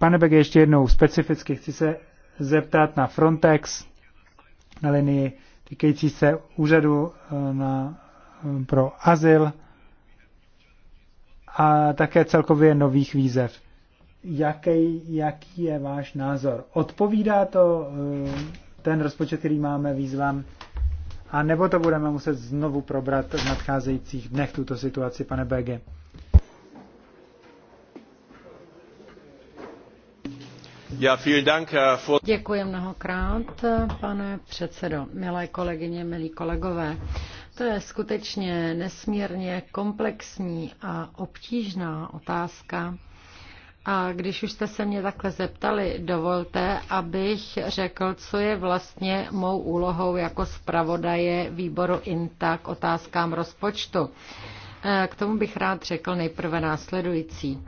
Pane Bege, ještě jednou specificky chci se zeptat na Frontex, na linii týkající se úřadu eh, na, eh, pro azyl a také celkově nových výzev. Jaký, jaký je váš názor? Odpovídá to eh, ten rozpočet, který máme výzvám? A nebo to budeme muset znovu probrat v nadcházejících dnech tuto situaci, pane Bege? Děkuji mnohokrát, pane předsedo, milé kolegyně, milí kolegové. To je skutečně nesmírně komplexní a obtížná otázka. A když už jste se mě takhle zeptali, dovolte, abych řekl, co je vlastně mou úlohou jako zpravodaje výboru INTA k otázkám rozpočtu. K tomu bych rád řekl nejprve následující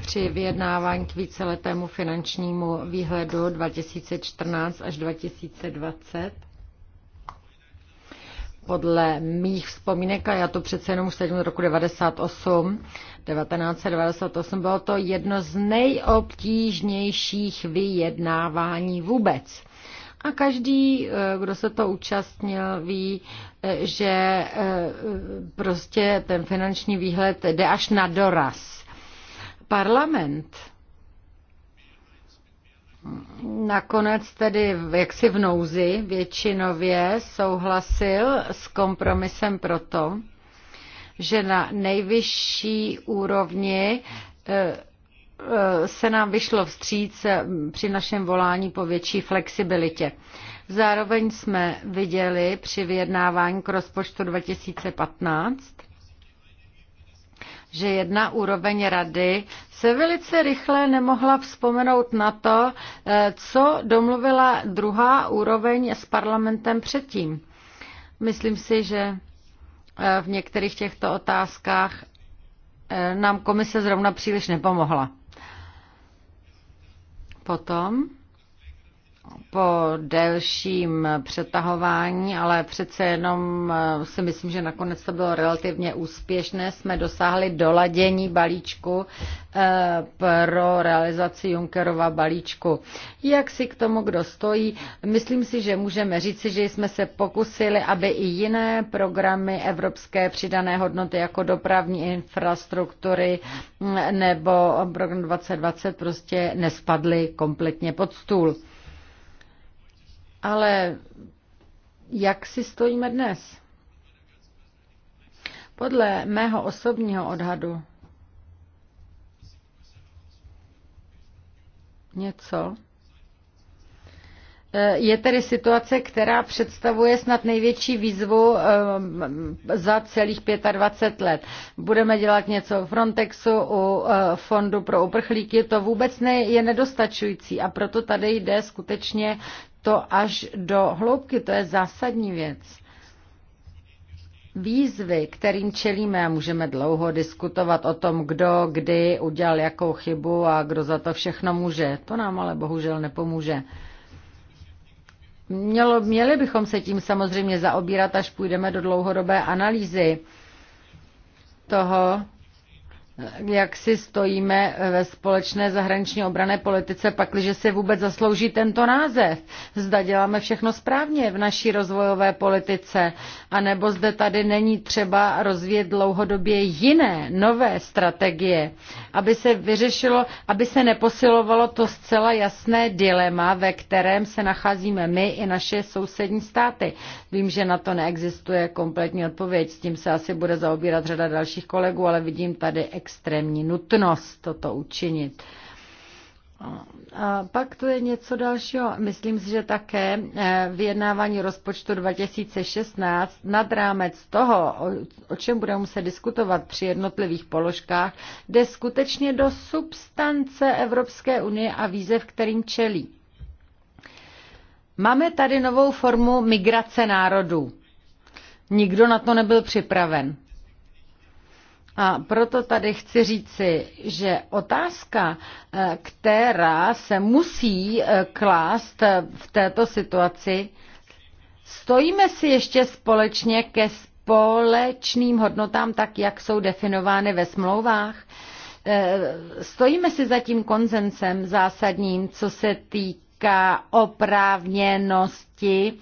při vyjednávání k víceletému finančnímu výhledu 2014 až 2020. Podle mých vzpomínek, a já to přece jenom sedím z roku 98, 1998, bylo to jedno z nejobtížnějších vyjednávání vůbec. A každý, eh, kdo se to účastnil, ví, eh, že eh, prostě ten finanční výhled jde až na doraz parlament nakonec tedy jaksi v nouzi většinově souhlasil s kompromisem proto, že na nejvyšší úrovni e, e, se nám vyšlo vstříc e, při našem volání po větší flexibilitě. Zároveň jsme viděli při vyjednávání k rozpočtu 2015, že jedna úroveň rady se velice rychle nemohla vzpomenout na to, eh, co domluvila druhá úroveň s parlamentem předtím. Myslím si, že eh, v některých těchto otázkách eh, nám komise zrovna příliš nepomohla. Potom po delším přetahování, ale přece jenom eh, si myslím, že nakonec to bylo relativně úspěšné. Jsme dosáhli doladění balíčku eh, pro realizaci Junckerova balíčku. Jak si k tomu, kdo stojí, myslím si, že můžeme říci, že jsme se pokusili, aby i jiné programy evropské přidané hodnoty jako dopravní infrastruktury mm, nebo program 2020 prostě nespadly kompletně pod stůl. Ale jak si stojíme dnes? Podle mého osobního odhadu něco Eh, je tedy situace, která představuje snad největší výzvu eh, za celých 25 let. Budeme dělat něco u Frontexu, u eh, Fondu pro uprchlíky, to vůbec ne, je nedostačující a proto tady jde skutečně to až do hloubky, to je zásadní věc. Výzvy, kterým čelíme, a můžeme dlouho diskutovat o tom, kdo kdy udělal jakou chybu a kdo za to všechno může, to nám ale bohužel nepomůže. Mělo, měli bychom se tím samozřejmě zaobírat, až půjdeme do dlouhodobé analýzy toho, jak si stojíme ve společné zahraniční obrané politice, pakliže se vůbec zaslouží tento název. Zda děláme všechno správně v naší rozvojové politice, anebo zde tady není třeba rozvíjet dlouhodobě jiné, nové strategie, aby se vyřešilo, aby se neposilovalo to zcela jasné dilema, ve kterém se nacházíme my i naše sousední státy. Vím, že na to neexistuje kompletní odpověď, s tím se asi bude zaobírat řada dalších kolegů, ale vidím tady ex extrémní nutnost toto učinit. A pak to je něco dalšího. Myslím si, že také eh, vyjednávání rozpočtu 2016 nad rámec toho, o čem budeme muset diskutovat při jednotlivých položkách, jde skutečně do substance Evropské unie a výzev, kterým čelí. Máme tady novou formu migrace národů. Nikdo na to nebyl připraven. A proto tady chci říci, že otázka, eh, která se musí eh, klást eh, v této situaci, stojíme si ještě společně ke společným hodnotám, tak jak jsou definovány ve smlouvách. Stojíme si za tím konzencem zásadním, co se týká oprávněnosti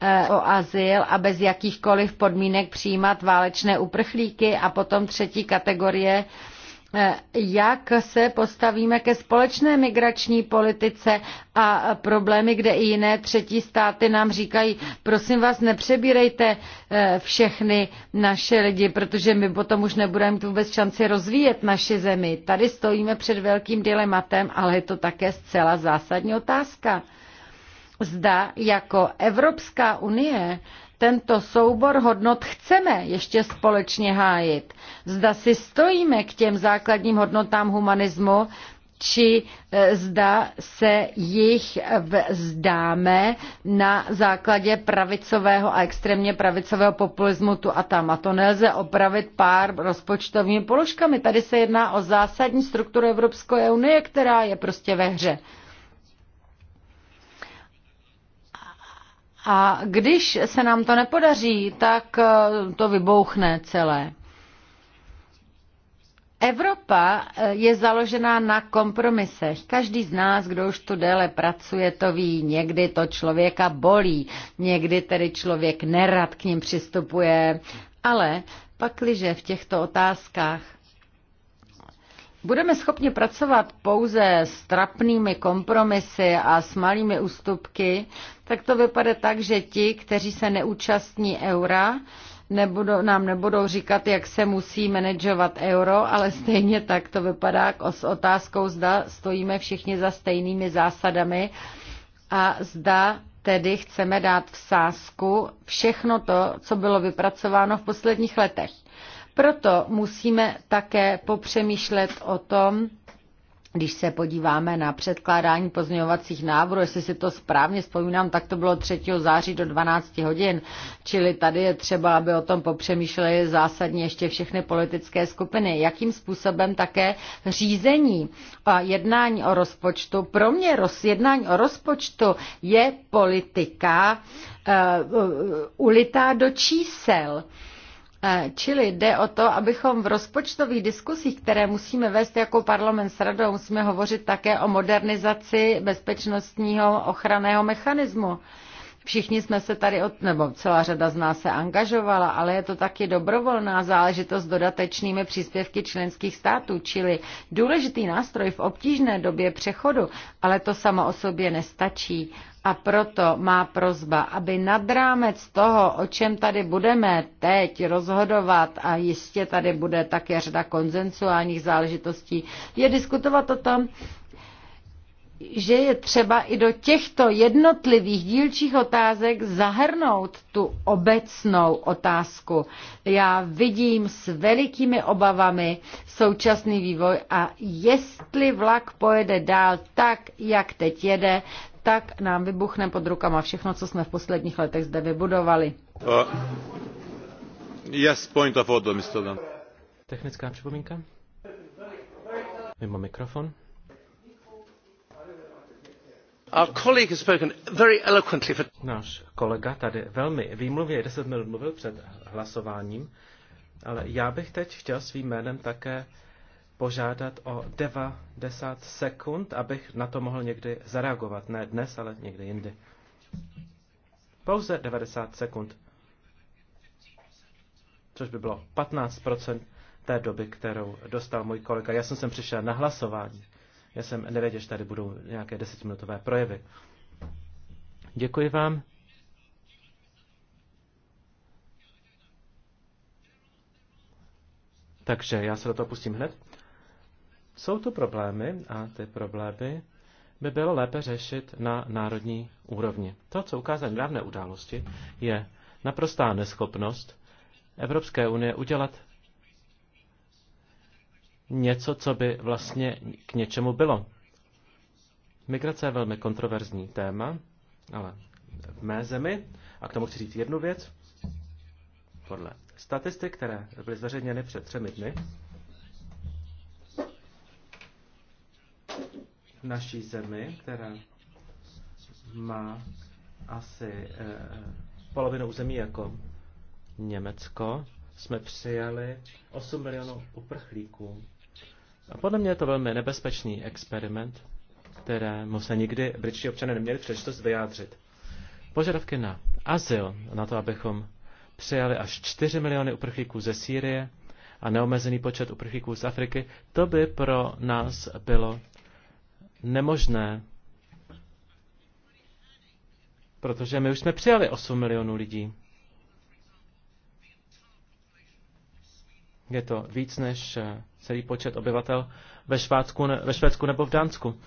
Eh, o azyl a bez jakýchkoliv podmínek přijímat válečné uprchlíky a potom třetí kategorie eh, jak se postavíme ke společné migrační politice a problémy, kde i jiné třetí státy nám říkají, prosím vás, nepřebírejte eh, všechny naše lidi, protože my potom už nebudeme mít vůbec šanci rozvíjet naši zemi. Tady stojíme před velkým dilematem, ale je to také zcela zásadní otázka zda jako Evropská unie tento soubor hodnot chceme ještě společně hájit. Zda si stojíme k těm základním hodnotám humanismu, či e, zda se jich vzdáme na základě pravicového a extrémně pravicového populismu tu a tam. A to nelze opravit pár rozpočtovými položkami. Tady se jedná o zásadní strukturu Evropské unie, která je prostě ve hře. A když se nám to nepodaří, tak eh, to vybouchne celé. Evropa eh, je založená na kompromisech. Každý z nás, kdo už tu déle pracuje, to ví. Někdy to člověka bolí, někdy tedy člověk nerad k ním přistupuje. Ale pakliže v těchto otázkách budeme schopni pracovat pouze s trapnými kompromisy a s malými ústupky, tak to vypadá tak, že ti, kteří se neúčastní eura, nebudou, nám nebudou říkat, jak se musí manažovat euro, ale stejně tak to vypadá s otázkou, zda stojíme všichni za stejnými zásadami a zda tedy chceme dát v sázku všechno to, co bylo vypracováno v posledních letech. Proto musíme také popřemýšlet o tom, když se podíváme na předkládání pozměňovacích návrhů, jestli si to správně vzpomínám, tak to bylo 3. září do 12 hodin, čili tady je třeba, aby o tom popřemýšleli zásadně ještě všechny politické skupiny. Jakým způsobem také řízení a jednání o rozpočtu, pro mě jednání o rozpočtu je politika uh, ulitá do čísel. Uh, Eh, čili jde o to, abychom v rozpočtových diskusích, které musíme vést jako parlament s radou, musíme hovořit také o modernizaci bezpečnostního ochranného mechanismu. Všichni jsme se tady, od, nebo celá řada z nás se angažovala, ale je to taky dobrovolná záležitost s dodatečnými příspěvky členských států, čili důležitý nástroj v obtížné době přechodu, ale to samo o sobě nestačí. A proto má prozba, aby nad rámec toho, o čem tady budeme teď rozhodovat, a jistě tady bude také řada konzensuálních záležitostí, je diskutovat o tom, že je třeba i do těchto jednotlivých dílčích otázek zahrnout tu obecnou otázku. Já vidím s velikými obavami současný vývoj a jestli vlak pojede dál tak, jak teď jede, tak nám vybuchne pod rukama všechno, co jsme v posledních letech zde vybudovali. Uh, yes, point of order, Mr. Technická připomínka? Mimo mikrofon. Náš kolega tady velmi výmluvě 10 minut mluvil před hlasováním, ale já bych teď chtěl svým jménem také požádat o 90 sekund, abych na to mohl někdy zareagovat. Ne dnes, ale někdy jindy. Pouze 90 sekund. Což by bylo 15% té doby, kterou dostal můj kolega. Já jsem sem přišel na hlasování. Já jsem nevěděl, že tady budou nějaké desetiminutové projevy. Děkuji vám. Takže já se do toho pustím hned. Jsou tu problémy a ty problémy by bylo lépe řešit na národní úrovni. To, co ukázaly nedávné události, je naprostá neschopnost Evropské unie udělat něco, co by vlastně k něčemu bylo. Migrace je velmi kontroverzní téma, ale v mé zemi, a k tomu chci říct jednu věc, podle statistik, které byly zveřejněny před třemi dny, v naší zemi, která má asi eh, polovinu území jako Německo, jsme přijali 8 milionů uprchlíků a podle mě je to velmi nebezpečný experiment, kterému se nikdy britští občané neměli příležitost vyjádřit. Požadavky na azyl, na to, abychom přijali až 4 miliony uprchlíků ze Sýrie a neomezený počet uprchlíků z Afriky, to by pro nás bylo nemožné, protože my už jsme přijali 8 milionů lidí. Je to víc než eh, celý počet obyvatel ve, Švácku, ve Švédsku nebo v Dánsku.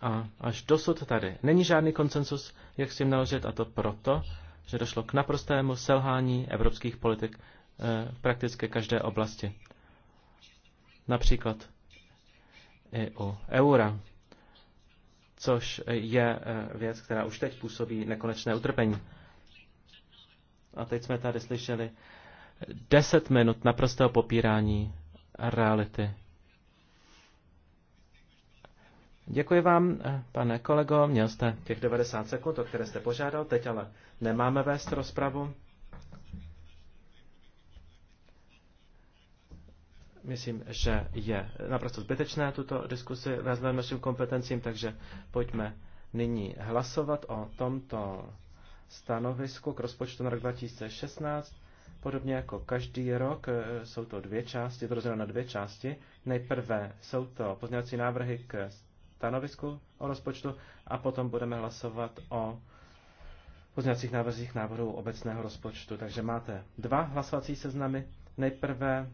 A až dosud tady není žádný koncensus, jak s tím naložit, a to proto, že došlo k naprostému selhání evropských politik eh, v prakticky každé oblasti. Například i u eura, což je eh, věc, která už teď působí nekonečné utrpení. A teď jsme tady slyšeli deset minut naprostého popírání reality. Děkuji vám, eh, pane kolego, měl jste těch 90 sekund, o které jste požádal, teď ale nemáme vést rozpravu. Myslím, že je naprosto zbytečné tuto diskusi vést našim kompetencím, takže pojďme nyní hlasovat o tomto stanovisku k rozpočtu na rok 2016. Podobně jako každý rok e, jsou to dvě části, je to rozděleno na dvě části. Nejprve jsou to pozměňovací návrhy k stanovisku o rozpočtu a potom budeme hlasovat o pozměňovacích návrzích návrhu obecného rozpočtu. Takže máte dva hlasovací seznamy. Nejprve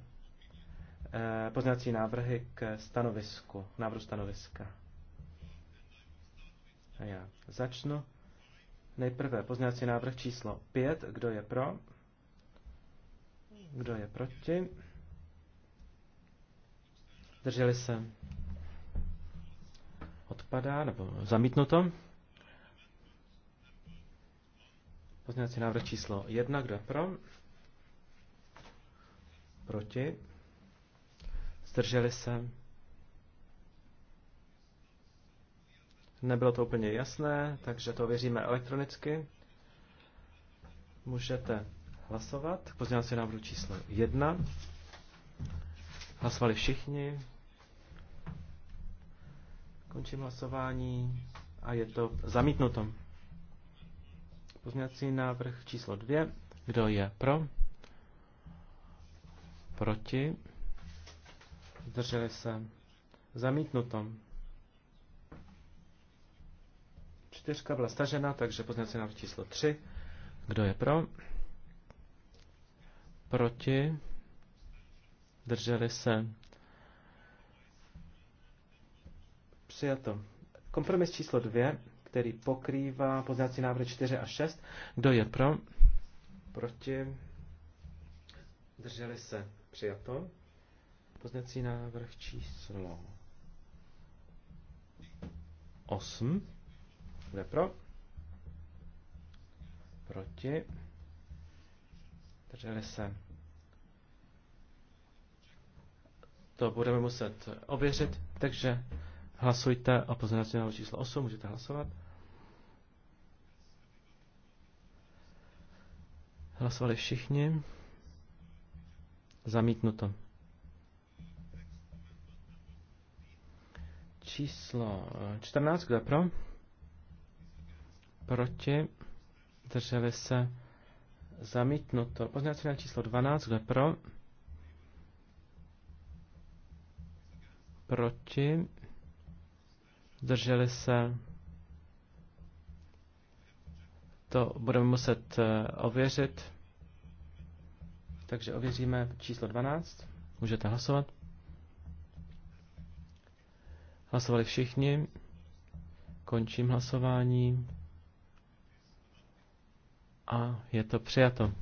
e, pozměňovací návrhy k stanovisku, návrhu stanoviska. A já začnu. Nejprve pozměňovací návrh číslo 5. Kdo je pro? Kdo je proti? Drželi se. Odpadá nebo zamítnuto. Pozměňovací návrh číslo 1. Kdo je pro? Proti? Zdrželi se? Nebylo to úplně jasné, takže to věříme elektronicky. Můžete hlasovat. se návrhu číslo jedna. Hlasovali všichni. Končím hlasování a je to zamítnuto. Pozměňovací návrh číslo dvě. Kdo je pro? Proti? Zdrželi se. Zamítnuto. Čtyřka byla stažena, takže pozměňovací návrh číslo tři. Kdo je pro? proti, drželi se. Přijato. Kompromis číslo dvě, který pokrývá pozdělací návrhy 4 a 6. Kdo je pro? Proti. Drželi se. Přijato. Pozdělací návrh číslo 8. Kdo je pro? Proti. Drželi se. to budeme muset ověřit, takže hlasujte o pozornosti na číslo 8, můžete hlasovat. Hlasovali všichni. Zamítnuto. Číslo 14, kdo je pro? Proti. Drželi se. Zamítnuto. Pozornosti na číslo 12, kdo je pro? Proti. Zdrželi se. To budeme muset eh, ověřit. Takže ověříme číslo 12. Můžete hlasovat. Hlasovali všichni. Končím hlasování. A je to přijato.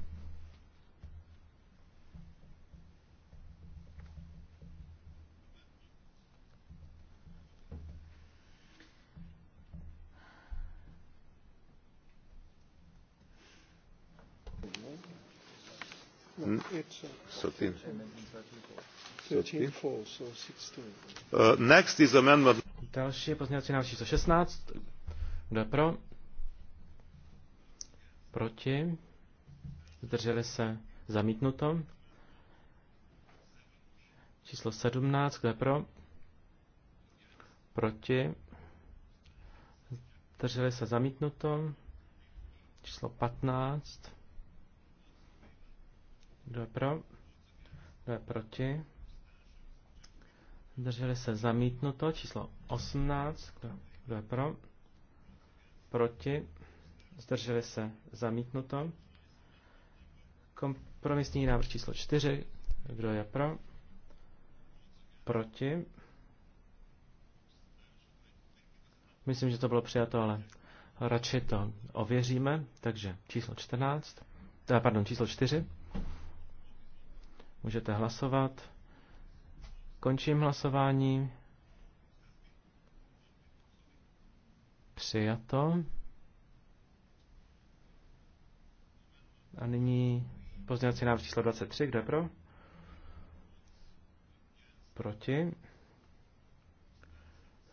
Hmm? Uh, Další je pozměňovací návrh číslo 16. Kdo je pro? Proti? Zdrželi se? Zamítnuto. Číslo 17. Kdo je pro? Proti? Zdrželi se? Zamítnuto. Číslo 15 kdo je pro? Kdo je proti? Drželi se zamítnuto. Číslo 18. Kdo, kdo je pro? Proti? Zdrželi se zamítnuto. Kompromisní návrh číslo 4. Kdo je pro? Proti? Myslím, že to bylo přijato, ale radši to ověříme. Takže číslo 14. Eh, pardon, číslo 4. Můžete hlasovat. Končím hlasování. Přijato. A nyní pozdělací návrh číslo 23. Kdo je pro? Proti.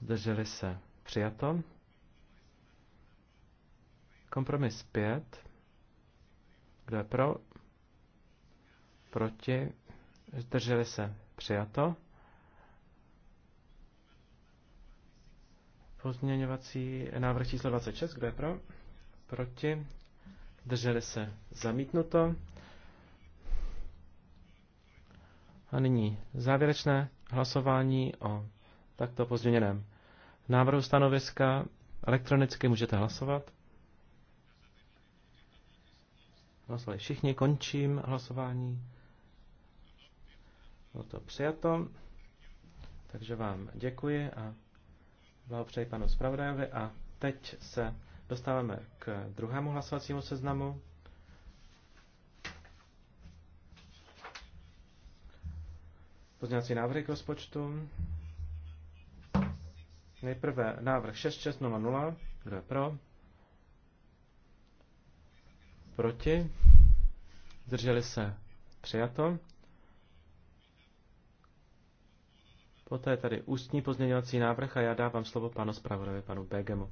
Zdrželi se. Přijato. Kompromis 5. Kdo je pro? Proti. Zdrželi se. Přijato. Pozměňovací návrh číslo 26. Kdo je pro? Proti. Zdrželi se. Zamítnuto. A nyní závěrečné hlasování o takto pozměněném návrhu stanoviska. Elektronicky můžete hlasovat. Hlasovali všichni, končím hlasování. Bylo to přijato. Takže vám děkuji a blahopřeji panu zpravodajovi a teď se dostáváme k druhému hlasovacímu seznamu. Pozměňovací návrhy k rozpočtu. Nejprve návrh 6600. Kdo je pro? Proti? Zdrželi se? Přijato. Poté tady ústní pozměňovací návrh a já dávám slovo panu zpravodajovi, panu Begemu.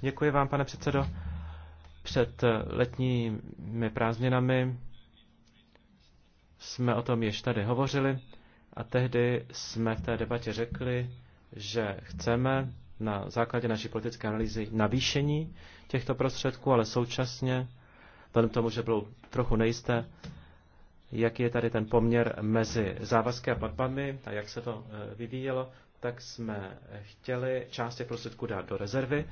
Děkuji vám, pane předsedo. Před eh, letními prázdninami jsme o tom již tady hovořili a tehdy jsme v té debatě řekli, že chceme na základě naší politické analýzy navýšení těchto prostředků, ale současně, vzhledem tomu, že bylo trochu nejisté, jak je tady ten poměr mezi závazky a platbami a jak se to eh, vyvíjelo, tak jsme chtěli část těch prostředků dát do rezervy.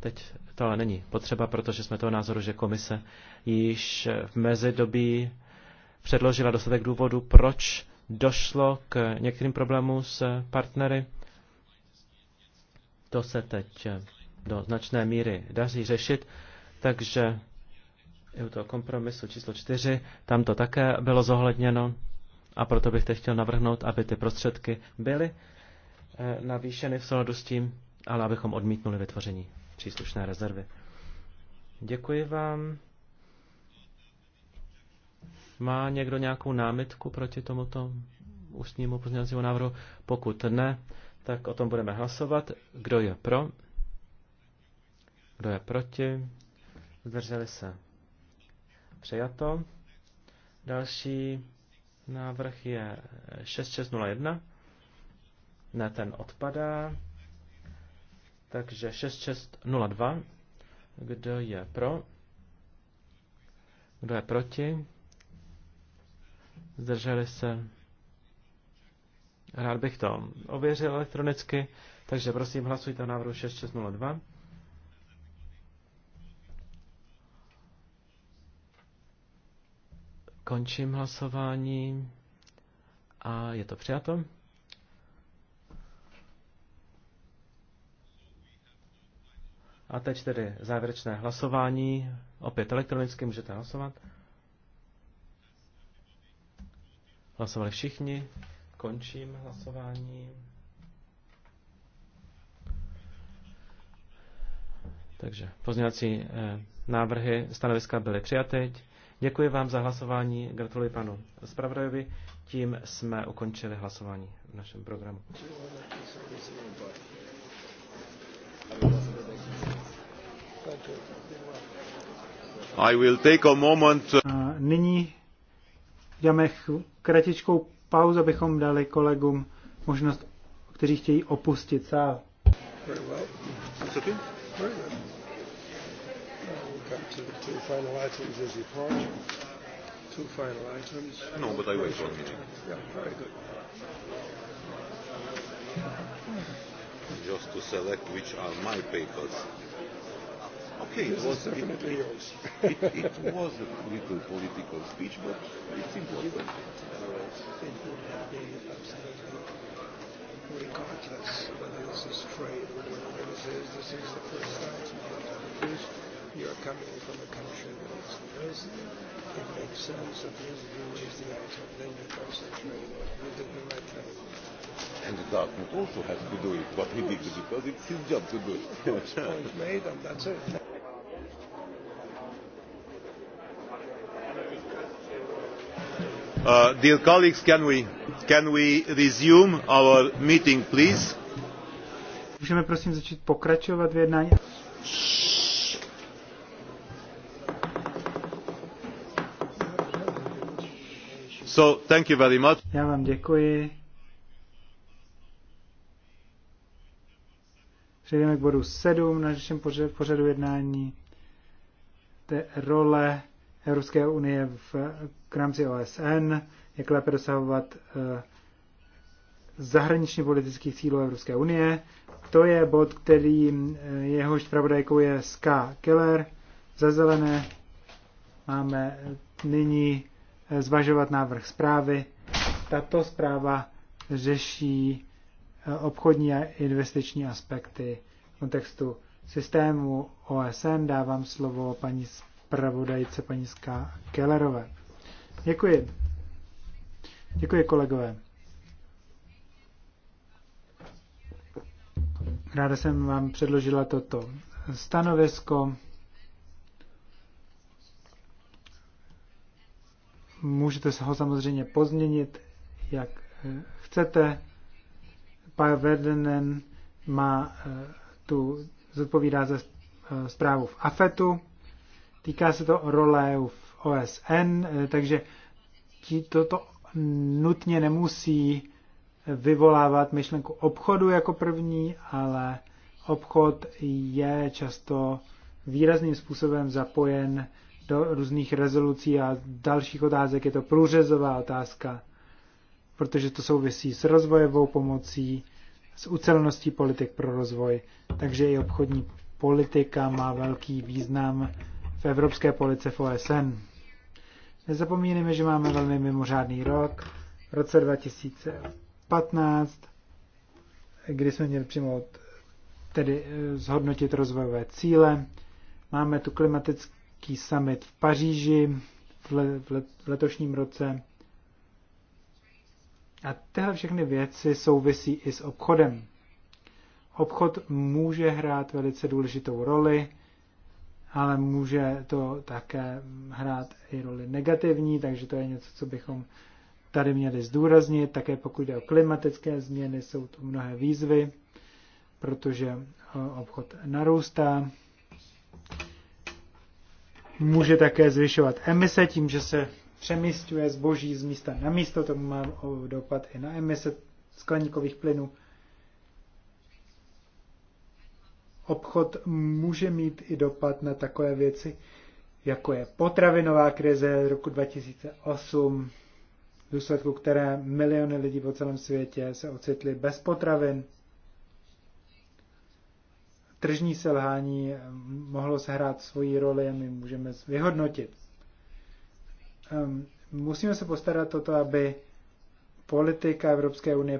Teď to ale není potřeba, protože jsme toho názoru, že komise již v mezidobí předložila dostatek důvodu, proč došlo k některým problémům s partnery. To se teď eh, do značné míry daří řešit, takže i u toho kompromisu číslo čtyři, tam to také bylo zohledněno a proto bych teď chtěl navrhnout, aby ty prostředky byly eh, navýšeny v souladu s tím, ale abychom odmítnuli vytvoření příslušné rezervy. Děkuji vám. Má někdo nějakou námitku proti tomuto ústnímu pozměňovacímu návrhu? Pokud ne, tak o tom budeme hlasovat. Kdo je pro? Kdo je proti? Zdrželi se. Přijato. Další návrh je 6601. Ne, ten odpadá. Takže 6602. Kdo je pro? Kdo je proti? Zdrželi se? Rád bych to ověřil elektronicky, takže prosím hlasujte o návrhu 6602. Končím hlasování a je to přijato. A teď tedy závěrečné hlasování. Opět elektronicky můžete hlasovat. Hlasovali všichni. Končím hlasování. Takže pozměňovací eh, návrhy stanoviska byly přijaty. Děkuji vám za hlasování, gratuluji panu zpravodajovi. Tím jsme ukončili hlasování v našem programu. I will take a moment. A nyní dáme kratičkou pauzu, abychom dali kolegům možnost, kteří chtějí opustit sál. Very well to the two final items as report. Two final items. No, but I wait the meeting. Yeah, very good. Just to select which are my papers. Okay, it was definitely it, it, it was a little political speech, but it's important. It would have been absolutely regardless whether this is trade or whatever this is, this is the first item you are coming from a country that is diversity, it makes sense that you raise the eyes item, then you concentrate what you did the right level. And the government also has to do it, but he did, it because it's his job to do it. Point made, and that's it. Uh, dear colleagues, can we, can we resume our meeting, please? Můžeme prosím začít pokračovat v jednání? So, thank you very much. Já vám děkuji. Přejdeme k bodu 7 na našem pořadu jednání. To je role Evropské unie v, k rámci OSN, jak lépe dosahovat eh, zahraničně politických cílů Evropské unie. To je bod, který eh, jehož pravodajkou je Ska Keller. Za zelené máme eh, nyní Eh, zvažovat návrh zprávy. Tato zpráva řeší eh, obchodní a investiční aspekty v kontextu systému OSN. Dávám slovo paní zpravodajce, paní ská Kellerové. Děkuji. Děkuji, kolegové. Ráda jsem vám předložila toto stanovisko. Můžete se ho samozřejmě pozměnit, jak eh, chcete. Pavel Verdenen má eh, tu zodpovídá za eh, zprávu v AFETu. Týká se to role v OSN, takže ti toto nutně nemusí vyvolávat myšlenku obchodu jako první, ale obchod je často výrazným způsobem zapojen do různých rezolucí a dalších otázek. Je to průřezová otázka, protože to souvisí s rozvojovou pomocí, s uceleností politik pro rozvoj, takže i obchodní politika má velký význam v evropské politice v OSN. Nezapomínejme, že máme velmi mimořádný rok, v roce 2015, kdy jsme měli přijmout, tedy eh, zhodnotit rozvojové cíle. Máme tu klimatický velký summit v Paříži v, le, v, let, v letošním roce. A tyhle všechny věci souvisí i s obchodem. Obchod může hrát velice důležitou roli, ale může to také hrát i roli negativní, takže to je něco, co bychom tady měli zdůraznit. Také pokud jde o klimatické změny, jsou tu mnohé výzvy, protože e, obchod narůstá může také zvyšovat emise tím, že se přemysťuje zboží z místa na místo, to má dopad i na emise skleníkových plynů. Obchod může mít i dopad na takové věci, jako je potravinová krize roku 2008, v důsledku které miliony lidí po celém světě se ocitly bez potravin, tržní selhání eh, mohlo sehrát svoji roli a my můžeme vyhodnotit. Ehm, musíme se postarat o to, aby politika Evropské unie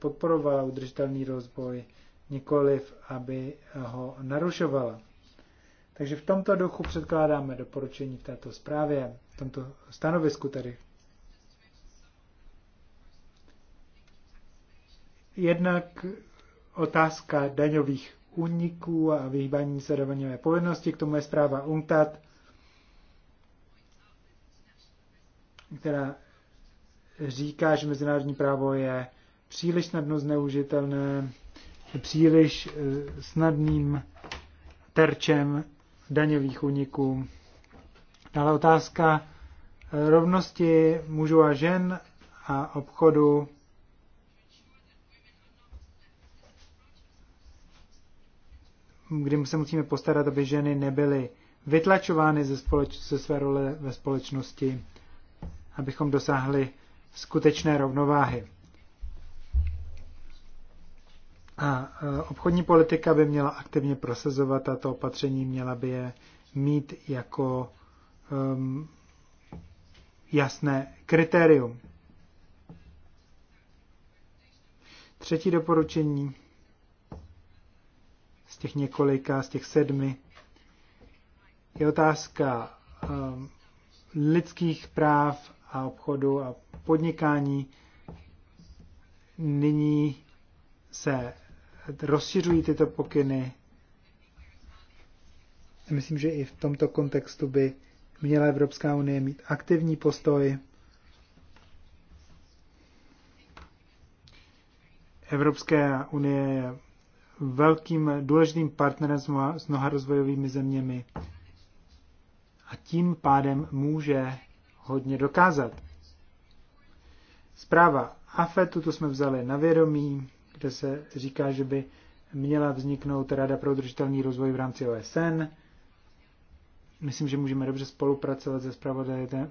podporovala udržitelný rozvoj, nikoliv aby ho narušovala. Takže v tomto duchu předkládáme doporučení v této zprávě, v tomto stanovisku tady. Jednak otázka daňových uniků a vyhýbání se daňové povinnosti, k tomu je zpráva UNTAD, která říká, že mezinárodní právo je příliš snadno zneužitelné, příliš eh, snadným terčem daňových uniků. Dále otázka eh, rovnosti mužů a žen a obchodu kdy se musíme postarat, aby ženy nebyly vytlačovány ze, společ- ze své role ve společnosti, abychom dosáhli skutečné rovnováhy. A e, obchodní politika by měla aktivně prosazovat tato opatření, měla by je mít jako um, jasné kritérium. Třetí doporučení těch několika, z těch sedmi. Je otázka um, lidských práv a obchodu a podnikání. Nyní se rozšiřují tyto pokyny. Myslím, že i v tomto kontextu by měla Evropská unie mít aktivní postoj. Evropská unie je velkým důležitým partnerem s mnoha rozvojovými zeměmi a tím pádem může hodně dokázat. Zpráva AFETu, tu jsme vzali na vědomí, kde se říká, že by měla vzniknout Rada pro udržitelný rozvoj v rámci OSN. Myslím, že můžeme dobře spolupracovat se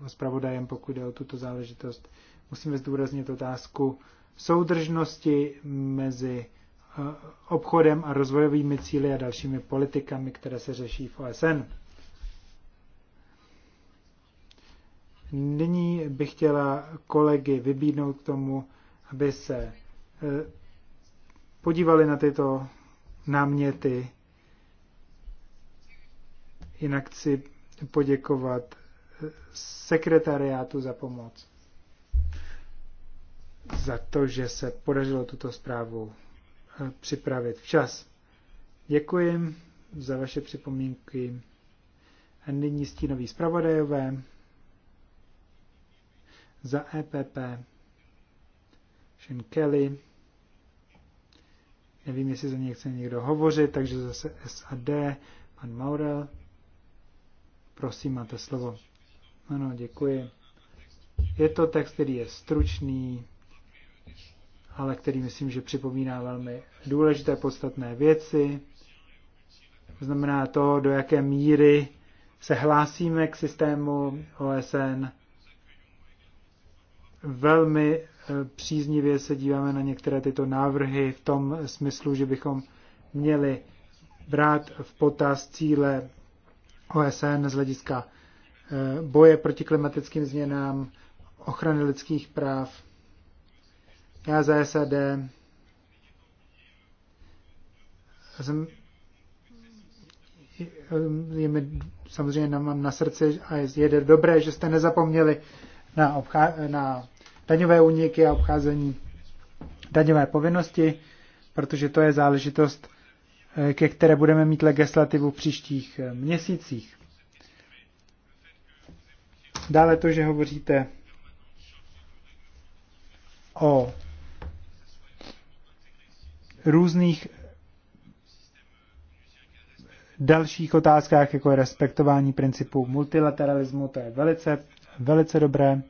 zpravodajem, pokud jde o tuto záležitost. Musíme zdůraznit otázku soudržnosti mezi Eh, obchodem a rozvojovými cíly a dalšími politikami, které se řeší v OSN. Nyní bych chtěla kolegy vybídnout k tomu, aby se eh, podívali na tyto náměty. Jinak chci poděkovat eh, sekretariátu za pomoc, za to, že se podařilo tuto zprávu připravit včas. Děkuji za vaše připomínky. A nyní stínový zpravodajové za EPP Sean Kelly. Nevím, jestli za něj chce někdo hovořit, takže zase SAD, pan Maurel. Prosím, máte slovo. Ano, děkuji. Je to text, který je stručný, ale který myslím, že připomíná velmi důležité podstatné věci. To znamená to, do jaké míry se hlásíme k systému OSN. Velmi eh, příznivě se díváme na některé tyto návrhy v tom smyslu, že bychom měli brát v potaz cíle OSN z hlediska eh, boje proti klimatickým změnám, ochrany lidských práv já za SAD jsem, je mi samozřejmě mám na srdci a je dobré, že jste nezapomněli na, obchá, na daňové úniky a obcházení daňové povinnosti, protože to je záležitost, eh, ke které budeme mít legislativu v příštích eh, měsících. Dále to, že hovoříte o různých dalších otázkách, jako je respektování principů multilateralismu, to je velice, velice dobré.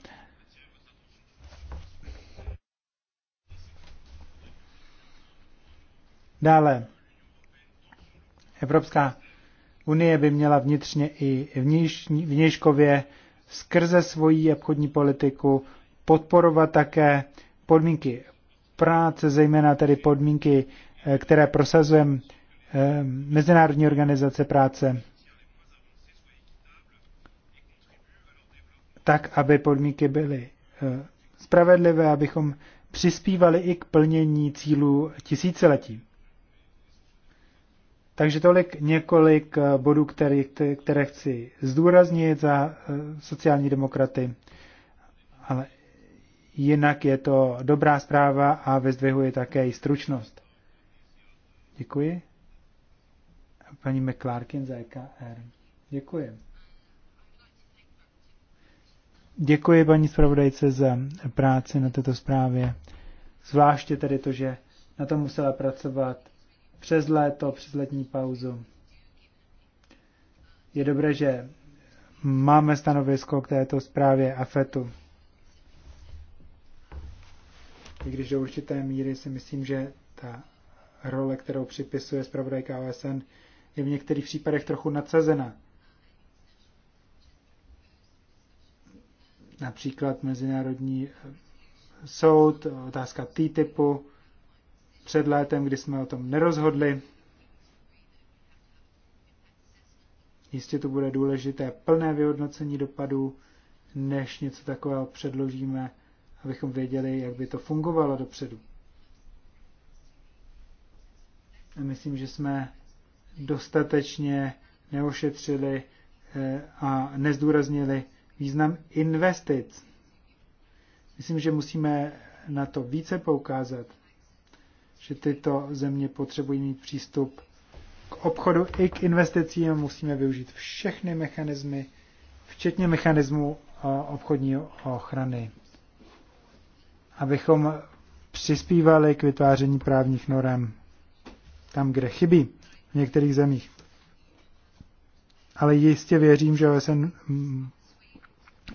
Dále, Evropská unie by měla vnitřně i vnějš, vnějškově skrze svoji obchodní politiku podporovat také podmínky práce, zejména tedy podmínky, eh, které prosazujeme eh, Mezinárodní organizace práce, tak, aby podmínky byly eh, spravedlivé, abychom přispívali i k plnění cílů tisíciletí. Takže tolik několik bodů, které, které chci zdůraznit za sociální demokraty, ale Jinak je to dobrá zpráva a vyzdvihuje také i stručnost. Děkuji. Paní McClarkin za EKR. Děkuji. Děkuji paní zpravodajce za práci na této zprávě. Zvláště tedy to, že na tom musela pracovat přes léto, přes letní pauzu. Je dobré, že máme stanovisko k této zprávě AFETu. I když do určité míry si myslím, že ta role, kterou připisuje zpravodajka OSN, je v některých případech trochu nadsazena. Například Mezinárodní eh, soud, otázka T-typu, před létem, kdy jsme o tom nerozhodli. Jistě to bude důležité plné vyhodnocení dopadů, než něco takového předložíme abychom věděli, jak by to fungovalo dopředu. A myslím, že jsme dostatečně neošetřili eh, a nezdůraznili význam investic. Myslím, že musíme na to více poukázat, že tyto země potřebují mít přístup k obchodu i k investicím. Musíme využít všechny mechanismy, včetně mechanismu eh, obchodní ochrany abychom přispívali k vytváření právních norem tam, kde chybí v některých zemích. Ale jistě věřím, že OSN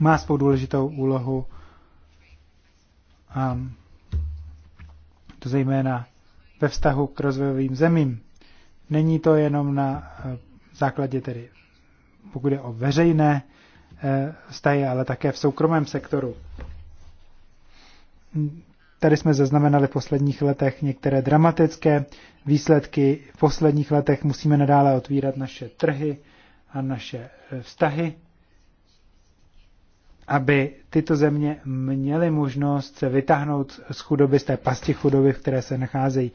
má svou důležitou úlohu a to zejména ve vztahu k rozvojovým zemím. Není to jenom na eh, základě tedy, pokud je o veřejné eh, vztahy, ale také v soukromém sektoru. Tady jsme zaznamenali v posledních letech některé dramatické výsledky. V posledních letech musíme nadále otvírat naše trhy a naše eh, vztahy, aby tyto země měly možnost se vytáhnout z chudoby, z té pasti chudoby, v které se nacházejí.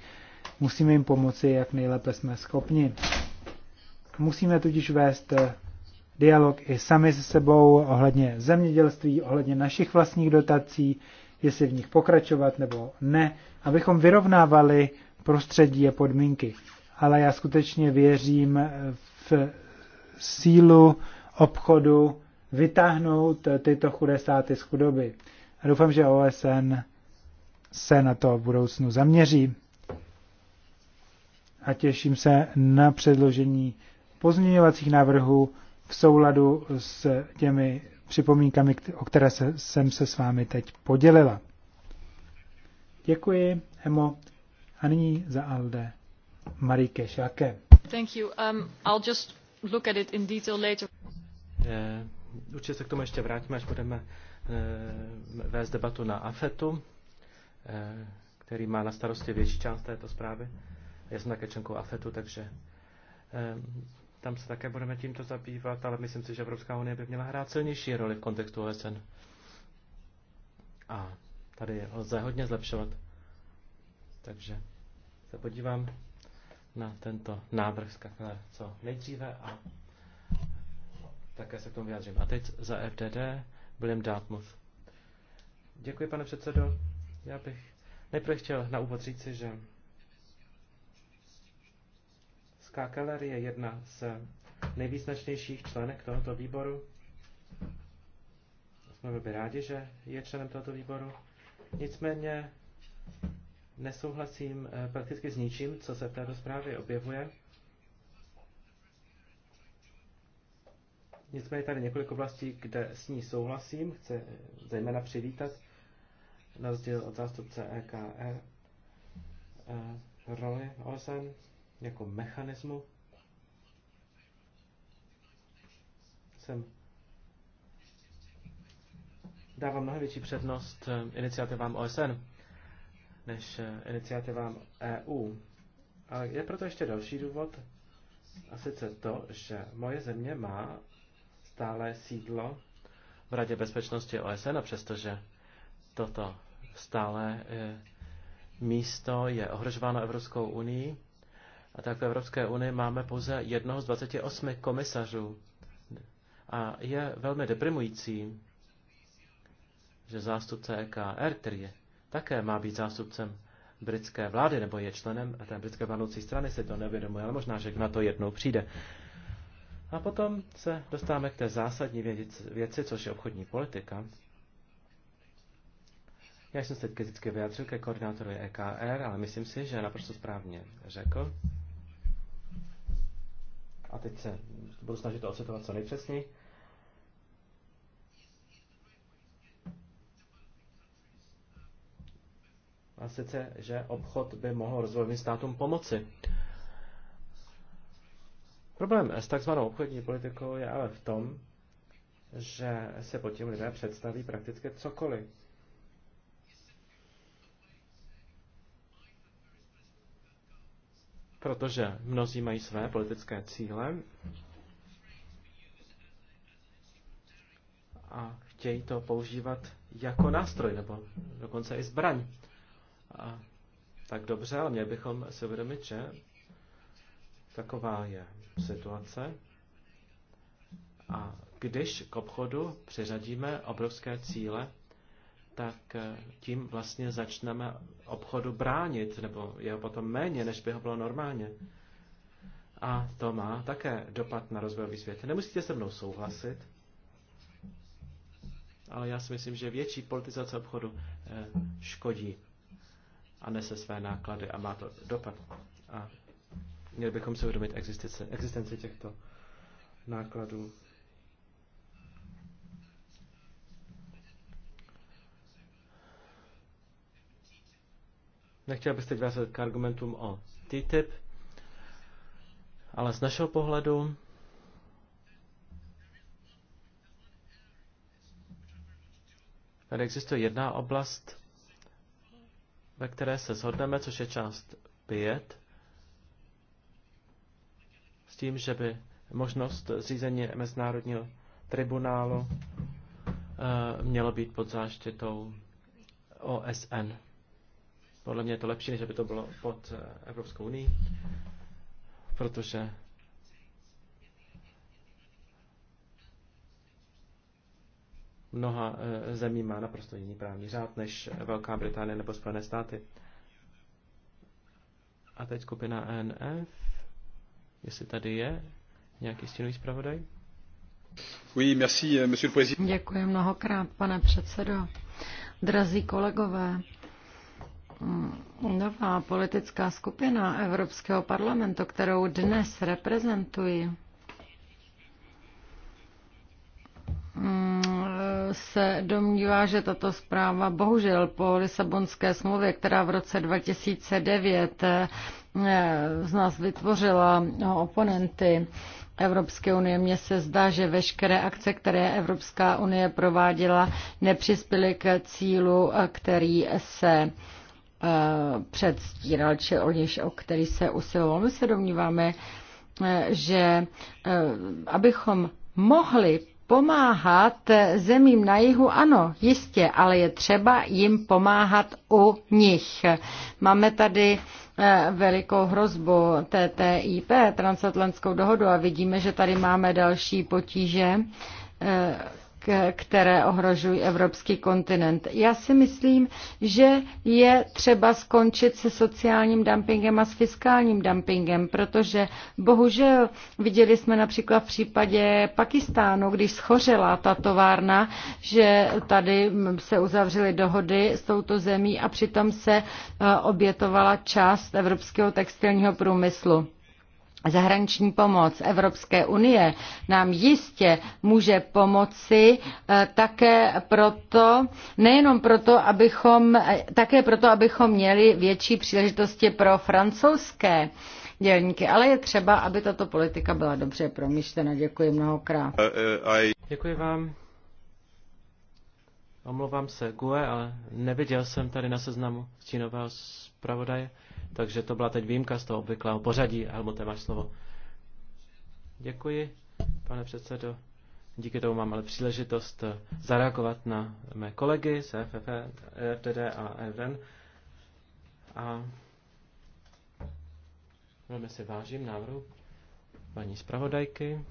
Musíme jim pomoci, jak nejlépe jsme schopni. Musíme tudíž vést eh, dialog i sami se sebou ohledně zemědělství, ohledně našich vlastních dotací, jestli v nich pokračovat nebo ne, abychom vyrovnávali prostředí a podmínky. Ale já skutečně věřím v sílu obchodu vytáhnout tyto chudé státy z chudoby. A doufám, že OSN se na to v budoucnu zaměří. A těším se na předložení pozměňovacích návrhů v souladu s těmi připomínkami, o které se, jsem se s vámi teď podělila. Děkuji, Emo. A nyní za Alde Marike Šáke. Thank you. Um, I'll just look at it in detail later. Je, eh, určitě se k tomu ještě vrátíme, až budeme e, vést debatu na AFETu, e, který má na starosti větší část této zprávy. Já jsem také členkou AFETu, takže e, tam se také budeme tímto zabývat, ale myslím si, že Evropská unie by měla hrát silnější roli v kontextu OSN. A tady lze hodně zlepšovat. Takže se podívám na tento návrh z Kakler co nejdříve a také se k tomu vyjádřím. A teď za FDD William Dartmouth. Děkuji, pane předsedo. Já bych nejprve chtěl na úvod říci, že Ska galerie je jedna z nejvýznačnějších členek tohoto výboru. Jsme by rádi, že je členem tohoto výboru. Nicméně nesouhlasím eh, prakticky s ničím, co se v této zprávě objevuje. Nicméně tady několik oblastí, kde s ní souhlasím, chci eh, zejména přivítat, na rozdíl od zástupce EKR, e, eh, roli OSN jako mechanismu. Jsem dávám mnohem větší přednost eh, iniciativám OSN než eh, iniciativám EU. A je proto ještě další důvod, a sice to, že moje země má stále sídlo v Radě bezpečnosti OSN, a přestože toto stále eh, místo je ohrožováno Evropskou unii, a tak v Evropské unii máme pouze jednoho z 28 komisařů. A je velmi deprimující, že zástupce EKR, který je, také má být zástupcem britské vlády, nebo je členem té britské vládnoucí strany, si to nevědomuje, ale možná, že na to jednou přijde. A potom se dostáváme k té zásadní věci, což je obchodní politika. Já jsem se vždycky vyjádřil ke koordinátorovi EKR, ale myslím si, že naprosto správně řekl, a teď se budu snažit to ocitovat co nejpřesněji, a sice, že obchod by mohl rozvojovým státům pomoci. Problém s takzvanou obchodní politikou je ale v tom, že se pod tím lidé představí prakticky cokoliv. protože mnozí mají své politické cíle a chtějí to používat jako nástroj, nebo dokonce i zbraň. A tak dobře, ale měli bychom si uvědomit, že taková je situace. A když k obchodu přiřadíme obrovské cíle, tak eh, tím vlastně začneme obchodu bránit, nebo je ho potom méně, než by ho bylo normálně. A to má také dopad na rozvojový svět. Nemusíte se mnou souhlasit, ale já si myslím, že větší politizace obchodu eh, škodí a nese své náklady a má to dopad. A měli bychom se uvědomit existence, existenci těchto nákladů Nechtěl bych teď vracet k argumentům o TTIP, ale z našeho pohledu tady existuje jedna oblast, ve které se shodneme, což je část 5, s tím, že by možnost zřízení mezinárodního tribunálu eh, mělo být pod záštitou OSN. Podle mě je to lepší, než aby to bylo pod eh, Evropskou unii, protože mnoha eh, zemí má naprosto jiný právní řád než Velká Británie nebo Spojené státy. A teď skupina NF, jestli tady je nějaký stínový zpravodaj. Oui, merci, eh, monsieur le président. Děkuji mnohokrát, pane předsedo. Drazí kolegové, nová politická skupina Evropského parlamentu, kterou dnes reprezentuji, mm, se domnívá, že tato zpráva bohužel po Lisabonské smlouvě, která v roce 2009 eh, z nás vytvořila oponenty Evropské unie, mně se zdá, že veškeré akce, které Evropská unie prováděla, nepřispěly k cílu, eh, který se Eh, předstíral, či o něž, o který se usiloval. My se domníváme, eh, že eh, abychom mohli pomáhat zemím na jihu, ano, jistě, ale je třeba jim pomáhat u nich. Máme tady velikou hrozbu TTIP, transatlantskou dohodu a vidíme, že tady máme další potíže které ohrožují evropský kontinent. Já si myslím, že je třeba skončit se sociálním dumpingem a s fiskálním dumpingem, protože bohužel viděli jsme například v případě Pakistánu, když schořela ta továrna, že tady se uzavřely dohody s touto zemí a přitom se eh, obětovala část evropského textilního průmyslu zahraniční pomoc Evropské unie nám jistě může pomoci eh, také proto, nejenom proto, abychom, eh, také proto, abychom měli větší příležitosti pro francouzské dělníky, ale je třeba, aby tato politika byla dobře promyšlena. Děkuji mnohokrát. Eh, Děkuji vám. Omlouvám se, Gue, ale neviděl jsem tady na seznamu stínového zpravodaje. Takže to byla teď výjimka z toho obvyklého pořadí. Helmute, máš slovo. Děkuji, pane předsedo. Díky tomu mám ale příležitost eh, zareagovat na mé kolegy z FFF, FDD a EVREN. A velmi si vážím návrhu paní zpravodajky.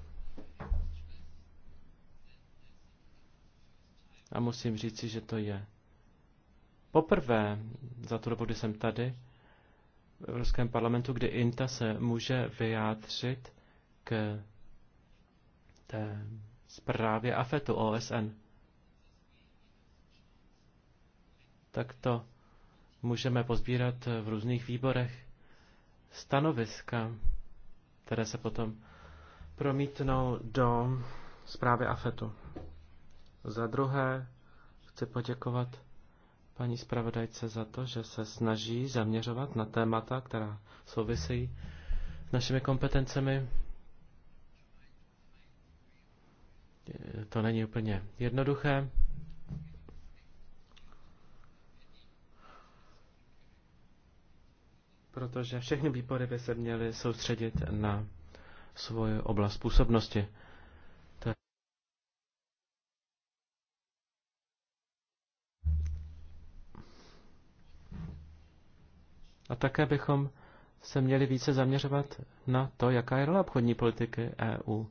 A musím říci, že to je poprvé za tu dobu, kdy jsem tady, Evropském parlamentu, kdy INTA se může vyjádřit k té zprávě AFETu OSN. Tak to můžeme pozbírat v různých výborech stanoviska, které se potom promítnou do zprávy AFETu. Za druhé chci poděkovat paní zpravodajce za to, že se snaží zaměřovat na témata, která souvisejí s našimi kompetencemi. To není úplně jednoduché. protože všechny výpory by se měly soustředit na svoji oblast působnosti. A také bychom se měli více zaměřovat na to, jaká je role obchodní politiky EU.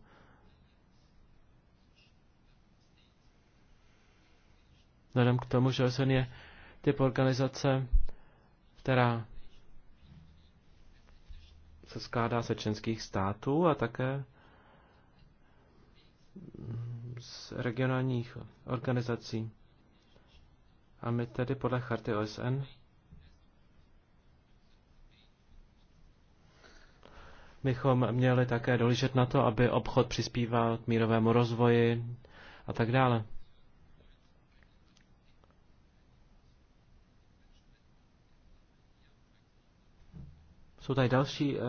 Vzhledem k tomu, že OSN je typ organizace, která se skládá se členských států a také z regionálních organizací. A my tedy podle charty OSN bychom měli také dolížet na to, aby obchod přispíval k mírovému rozvoji a tak dále. Jsou tady další eh,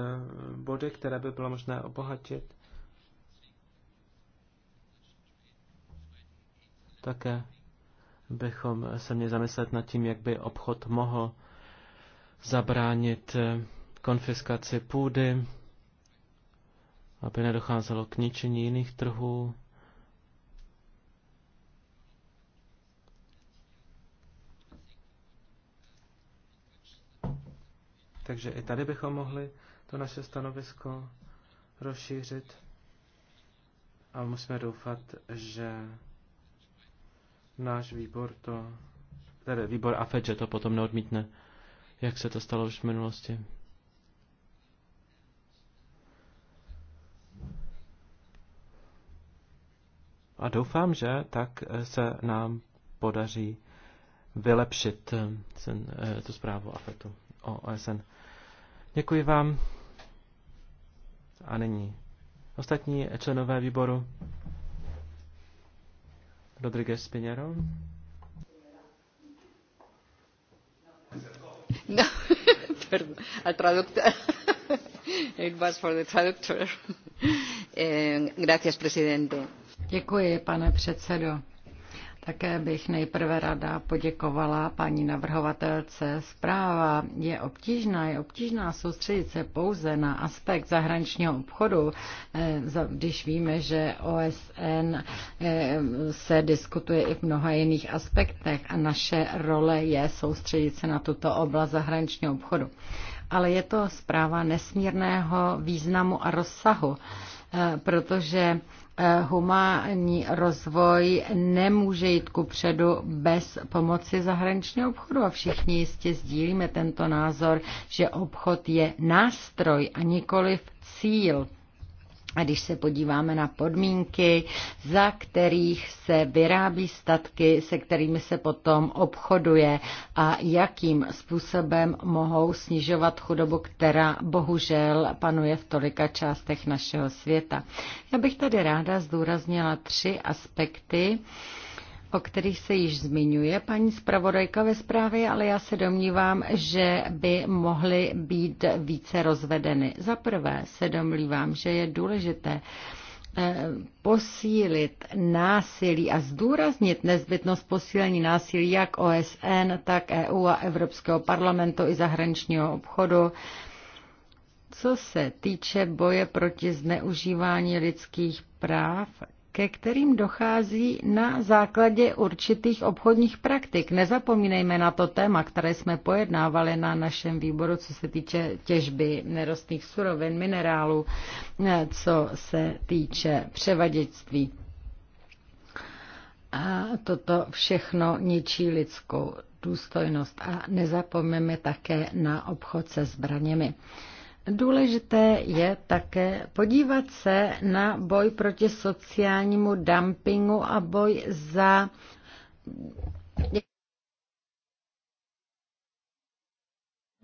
body, které by bylo možné obohatit. Také bychom se měli zamyslet nad tím, jak by obchod mohl zabránit eh, konfiskaci půdy, aby nedocházelo k ničení jiných trhů. Takže i tady bychom mohli to naše stanovisko rozšířit a musíme doufat, že náš výbor to, tedy výbor AFED, že to potom neodmítne, jak se to stalo už v minulosti. A doufám, že tak eh, se nám podaří vylepšit eh, sen, eh, tu zprávu fetu o OSN. Děkuji vám. A nyní ostatní členové výboru. Rodriguez Spinero. No, perdón, al traductor. It was for the traductor. Eh, gracias, presidente. Děkuji, pane předsedo. Také bych nejprve rada poděkovala paní navrhovatelce. Zpráva je obtížná, je obtížná soustředit se pouze na aspekt zahraničního obchodu, eh, když víme, že OSN eh, se diskutuje i v mnoha jiných aspektech a naše role je soustředit se na tuto oblast zahraničního obchodu. Ale je to zpráva nesmírného významu a rozsahu, eh, protože Eh, humánní rozvoj nemůže jít ku předu bez pomoci zahraničního obchodu. A všichni jistě sdílíme tento názor, že obchod je nástroj a nikoliv cíl a když se podíváme na podmínky, za kterých se vyrábí statky, se kterými se potom obchoduje a jakým způsobem mohou snižovat chudobu, která bohužel panuje v tolika částech našeho světa. Já bych tady ráda zdůraznila tři aspekty, o kterých se již zmiňuje paní zpravodajka ve zprávě, ale já se domnívám, že by mohly být více rozvedeny. Za prvé se domnívám, že je důležité eh, posílit násilí a zdůraznit nezbytnost posílení násilí jak OSN, tak EU a Evropského parlamentu i zahraničního obchodu. Co se týče boje proti zneužívání lidských práv, ke kterým dochází na základě určitých obchodních praktik. Nezapomínejme na to téma, které jsme pojednávali na našem výboru, co se týče těžby nerostných surovin, minerálů, co se týče převaděčství. A toto všechno ničí lidskou důstojnost a nezapomeňme také na obchod se zbraněmi. Důležité je také podívat se na boj proti sociálnímu dumpingu a boj za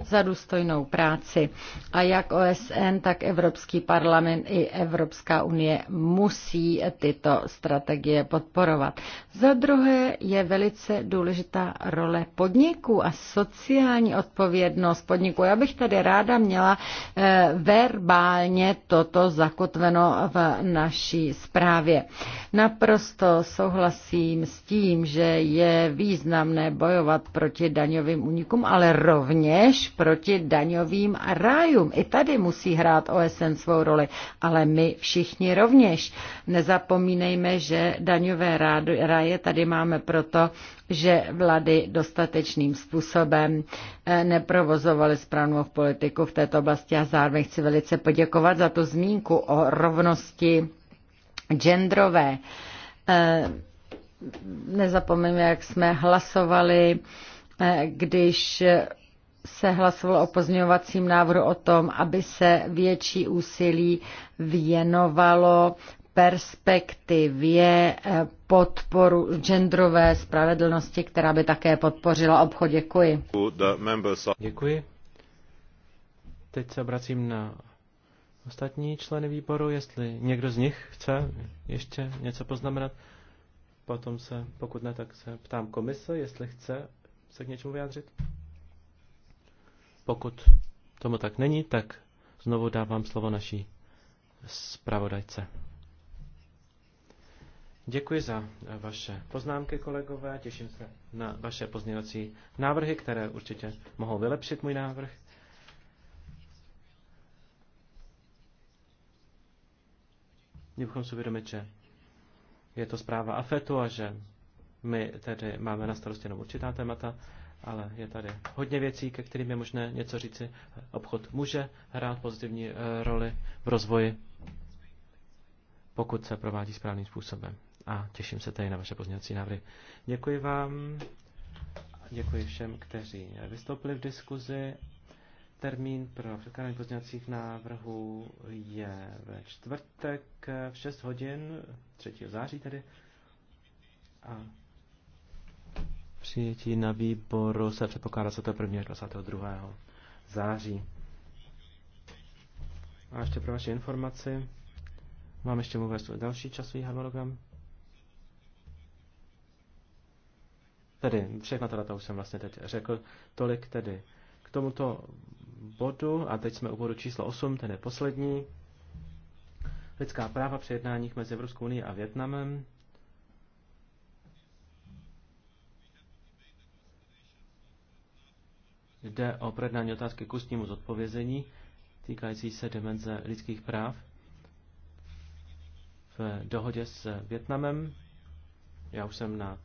za důstojnou práci. A jak OSN, tak Evropský parlament i Evropská unie musí tyto strategie podporovat. Za druhé je velice důležitá role podniků a sociální odpovědnost podniků. Já bych tady ráda měla eh, verbálně toto zakotveno v naší zprávě. Naprosto souhlasím s tím, že je významné bojovat proti daňovým únikům, ale rovněž proti daňovým rájům. I tady musí hrát OSN svou roli, ale my všichni rovněž. Nezapomínejme, že daňové ráje tady máme proto, že vlády dostatečným způsobem eh, neprovozovaly správnou politiku v této oblasti a zároveň chci velice poděkovat za tu zmínku o rovnosti genderové. Eh, Nezapomeňme, jak jsme hlasovali, eh, když se hlasovalo o pozměňovacím návrhu o tom, aby se větší úsilí věnovalo perspektivě eh, podporu genderové spravedlnosti, která by také podpořila obchod. Děkuji. Děkuji. Teď se obracím na ostatní členy výboru, jestli někdo z nich chce ještě něco poznamenat. Potom se, pokud ne, tak se ptám komise, jestli chce se k něčemu vyjádřit. Pokud tomu tak není, tak znovu dávám slovo naší zpravodajce. Děkuji za vaše poznámky, kolegové. Těším se na vaše pozměňovací návrhy, které určitě mohou vylepšit můj návrh. Měli bychom si uvědomit, že je to zpráva AFETu a že my tedy máme na starosti jenom určitá témata ale je tady hodně věcí, ke kterým je možné něco říci. Obchod může hrát pozitivní eh, roli v rozvoji, pokud se provádí správným způsobem. A těším se tady na vaše pozměňovací návrhy. Děkuji vám. Děkuji všem, kteří vystoupili v diskuzi. Termín pro předkládání pozměňovacích návrhů je ve čtvrtek v 6 hodin, 3. září tedy. A Přijetí na výboru se předpokládá 21. až 22. září. A ještě pro vaši informaci, mám ještě mu další časový harmonogram. Tedy všechno teda to už jsem vlastně teď řekl. Tolik tedy k tomuto bodu a teď jsme u bodu číslo 8, ten je poslední. Lidská práva při jednáních mezi Evropskou unii a Větnamem. Jde o projednání otázky k ústnímu zodpovězení týkající se dimenze lidských práv v dohodě s Větnamem. Já už jsem na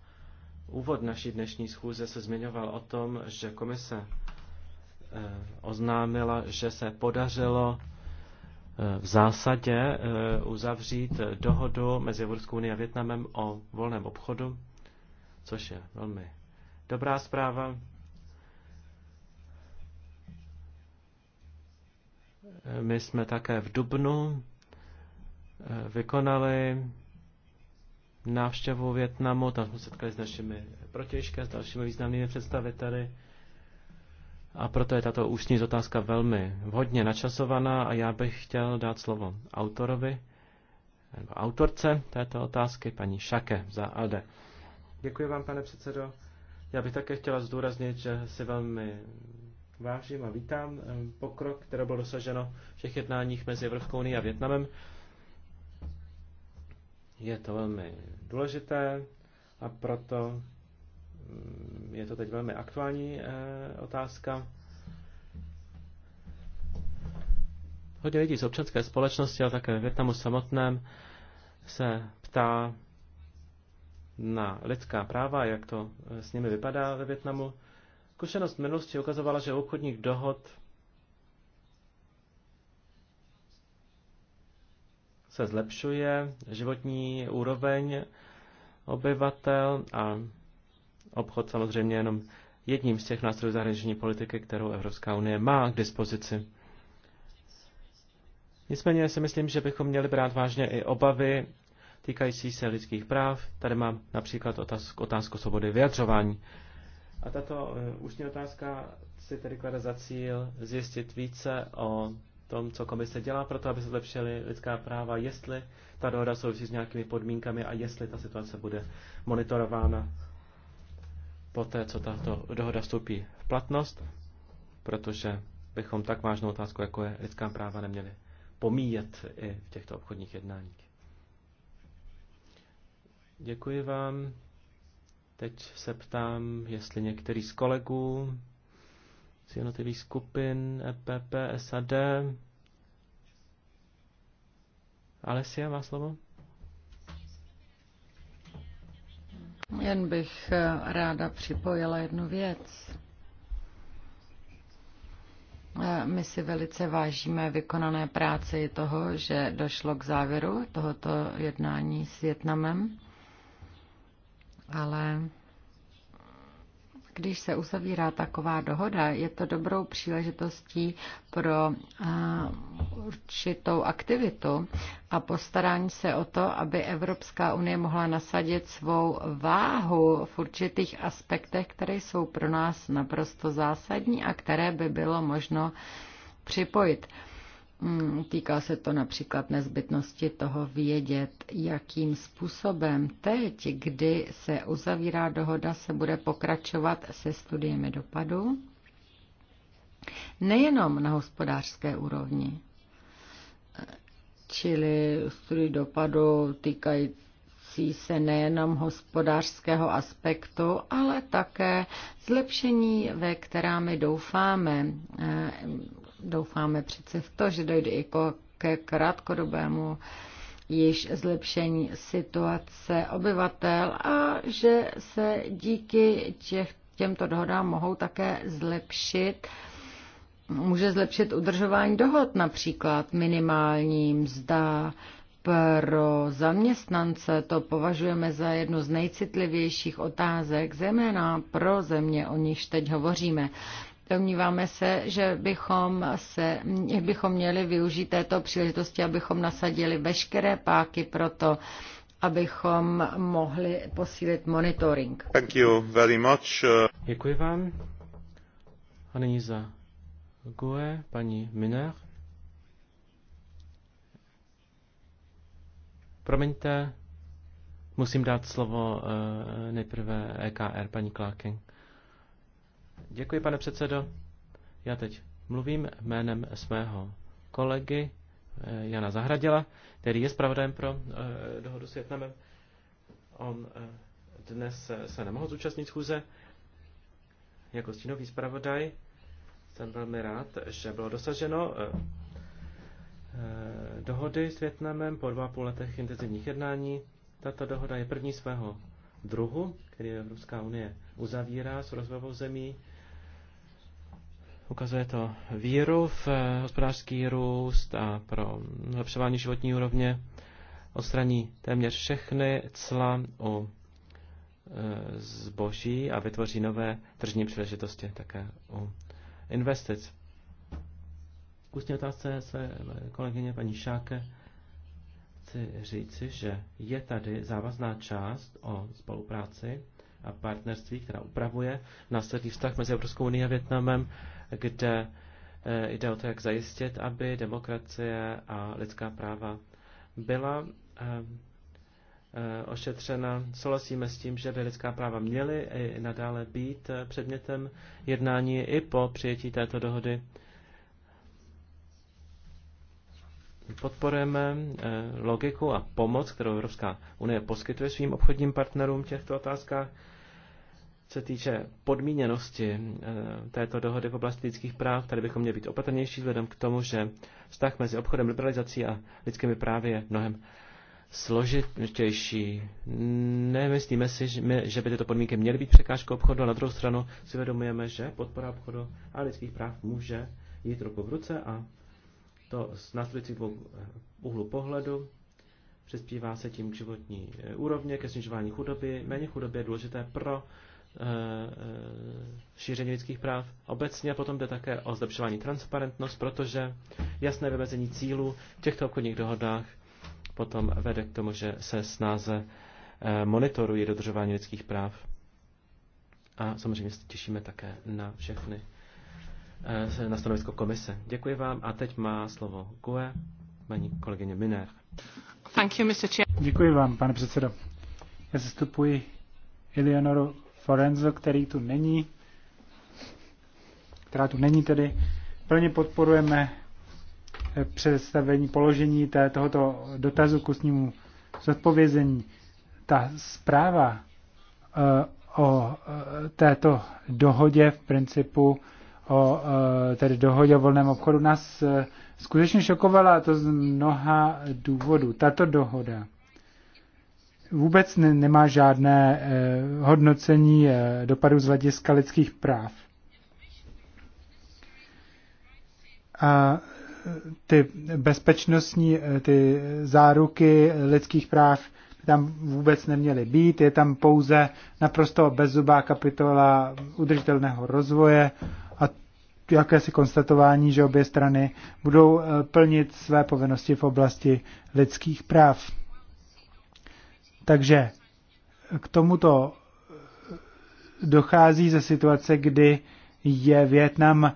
úvod naší dnešní schůze se zmiňoval o tom, že komise eh, oznámila, že se podařilo eh, v zásadě eh, uzavřít dohodu mezi Evropskou unii a Větnamem o volném obchodu, což je velmi dobrá zpráva. My jsme také v Dubnu eh, vykonali návštěvu Větnamu, tam jsme setkali s našimi protěžky a s dalšími významnými představiteli. A proto je tato ústní otázka velmi vhodně načasovaná a já bych chtěl dát slovo autorovi, nebo autorce této otázky, paní Šake za AD. Děkuji vám, pane předsedo. Já bych také chtěla zdůraznit, že si velmi vážím a vítám eh, pokrok, který bylo dosaženo v všech jednáních mezi Evropskou unii a Větnamem. Je to velmi důležité a proto mm, je to teď velmi aktuální eh, otázka. Hodně lidí z občanské společnosti, ale také Větnamu samotném se ptá na lidská práva, jak to eh, s nimi vypadá ve Větnamu. Zkušenost minulosti ukazovala, že obchodních dohod se zlepšuje životní úroveň obyvatel a obchod samozřejmě jenom jedním z těch nástrojů zahraniční politiky, kterou Evropská unie má k dispozici. Nicméně si myslím, že bychom měli brát vážně i obavy týkající se lidských práv. Tady mám například otázku, otázku svobody vyjadřování. A tato eh, ústní otázka si tedy klade za cíl zjistit více o tom, co komise dělá pro to, aby se zlepšily lidská práva, jestli ta dohoda souvisí s nějakými podmínkami a jestli ta situace bude monitorována po té, co tato dohoda vstoupí v platnost, protože bychom tak vážnou otázku, jako je lidská práva, neměli pomíjet i v těchto obchodních jednáních. Děkuji vám. Teď se ptám, jestli některý z kolegů z jednotlivých skupin EPP, SAD. Alesia, má slovo? Jen bych eh, ráda připojila jednu věc. Eh, my si velice vážíme vykonané práci toho, že došlo k závěru tohoto jednání s Větnamem ale když se uzavírá taková dohoda, je to dobrou příležitostí pro určitou aktivitu a postarání se o to, aby Evropská unie mohla nasadit svou váhu v určitých aspektech, které jsou pro nás naprosto zásadní a které by bylo možno připojit. Hmm, týká se to například nezbytnosti toho vědět, jakým způsobem teď, kdy se uzavírá dohoda, se bude pokračovat se studiemi dopadu, nejenom na hospodářské úrovni, čili studii dopadu týkající se nejenom hospodářského aspektu, ale také zlepšení, ve která my doufáme, eh, doufáme přece v to, že dojde i ke krátkodobému již zlepšení situace obyvatel a že se díky těch, těmto dohodám mohou také zlepšit může zlepšit udržování dohod, například minimální mzda pro zaměstnance. To považujeme za jednu z nejcitlivějších otázek, zejména pro země, o nichž teď hovoříme. Domníváme se, že bychom, se, bychom měli využít této příležitosti, abychom nasadili veškeré páky pro to, abychom mohli posílit monitoring. Thank you very much. Děkuji vám. A nyní za GUE paní Miner. Promiňte, musím dát slovo eh, nejprve EKR paní Kláky. Děkuji, pane předsedo. Já teď mluvím jménem svého kolegy eh, Jana Zahradila, který je zpravodajem pro eh, dohodu s Větnamem. On eh, dnes se nemohl zúčastnit schůze jako stínový zpravodaj. Jsem velmi rád, že bylo dosaženo dohody s Větnamem po dva půl letech intenzivních jednání. Tato dohoda je první svého druhu, který Evropská unie uzavírá s rozvojovou zemí Ukazuje to víru v eh, hospodářský růst a pro zlepšování životní úrovně odstraní téměř všechny cla u eh, zboží a vytvoří nové tržní příležitosti také u investic. K ústní otázce své kolegyně paní Šáke chci říci, že je tady závazná část o spolupráci a partnerství, která upravuje následný vztah mezi Evropskou unii a Větnamem kde eh, jde o to, jak zajistit, aby demokracie a lidská práva byla ehm, eh, ošetřena. Souhlasíme s tím, že by lidská práva měly i nadále být eh, předmětem jednání i po přijetí této dohody. Podporujeme logiku a pomoc, kterou Evropská unie poskytuje svým obchodním partnerům v těchto otázkách se týče podmíněnosti eh, této dohody v oblasti lidských práv, tady bychom měli být opatrnější vzhledem k tomu, že vztah mezi obchodem, liberalizací a lidskými právy je mnohem složitější. Nemyslíme si, že by tyto podmínky měly být překážkou obchodu, a na druhou stranu si vědomujeme, že podpora obchodu a lidských práv může jít ruku v ruce a to z následujících dvou eh, úhlu pohledu přispívá se tím k životní eh, úrovně, ke snižování chudoby. Méně chudoby je důležité pro Eh, eh, šíření lidských práv obecně a potom jde také o zlepšování transparentnost, protože jasné vymezení cílů v těchto obchodních dohodách potom vede k tomu, že se snáze eh, monitorují dodržování lidských práv. A samozřejmě se těšíme také na všechny na stanovisko komise. Děkuji vám a teď má slovo GUE, paní kolegyně Miner. Thank you, Mr. Chair. Děkuji vám, pane předsedo. Já zastupuji Eleonoru Forenzo, který tu není, která tu není tedy. Plně podporujeme eh, představení položení té, tohoto dotazu k ústnímu zodpovězení. Ta zpráva eh, o eh, této dohodě v principu o tedy dohodě o volném obchodu nás skutečně šokovala a to z mnoha důvodů. Tato dohoda vůbec ne, nemá žádné eh, hodnocení eh, dopadu z hlediska lidských práv. A eh, ty bezpečnostní, eh, ty záruky lidských práv tam vůbec neměly být. Je tam pouze naprosto bezzubá kapitola udržitelného rozvoje a jakési konstatování, že obě strany budou eh, plnit své povinnosti v oblasti lidských práv. Takže k tomuto dochází ze situace, kdy je Větnam eh,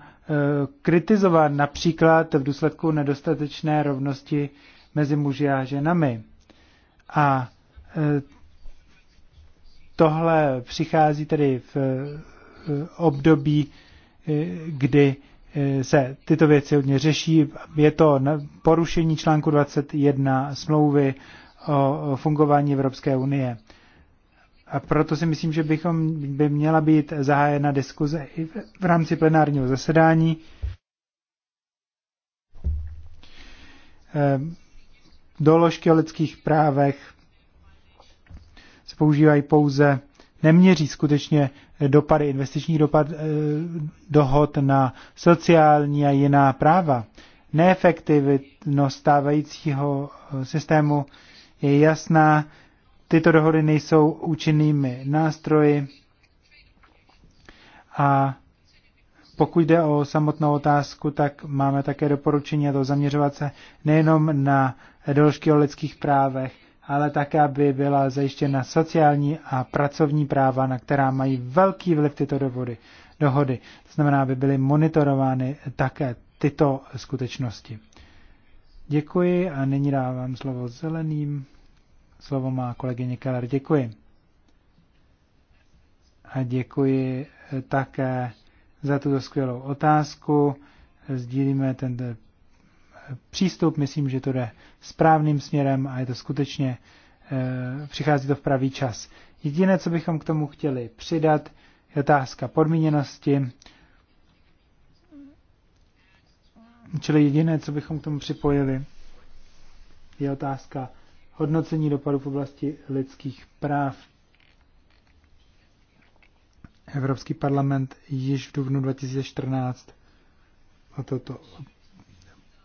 kritizován například v důsledku nedostatečné rovnosti mezi muži a ženami. A eh, tohle přichází tedy v období, eh, kdy se tyto věci hodně řeší. Je to porušení článku 21 smlouvy o fungování Evropské unie. A proto si myslím, že bychom, by měla být zahájena diskuze i v rámci plenárního zasedání. Ehm, doložky o lidských právech se používají pouze, neměří skutečně dopady, investiční dopad e, dohod na sociální a jiná práva. Neefektivnost stávajícího e, systému je jasná. Tyto dohody nejsou účinnými nástroji. A pokud jde o samotnou otázku, tak máme také doporučení a to zaměřovat se nejenom na doložky o lidských právech, ale také, aby byla zajištěna sociální a pracovní práva, na která mají velký vliv tyto dohody. dohody. To znamená, aby byly monitorovány také tyto skutečnosti. Děkuji a nyní dávám slovo zeleným. Slovo má kolegyně Keller. Děkuji. A děkuji eh, také za tuto skvělou otázku. Sdílíme ten eh, přístup, myslím, že to jde správným směrem a je to skutečně, eh, přichází to v pravý čas. Jediné, co bychom k tomu chtěli přidat, je otázka podmíněnosti. Čili jediné, co bychom k tomu připojili, je otázka hodnocení dopadu v oblasti lidských práv. Evropský parlament již v dubnu 2014 o toto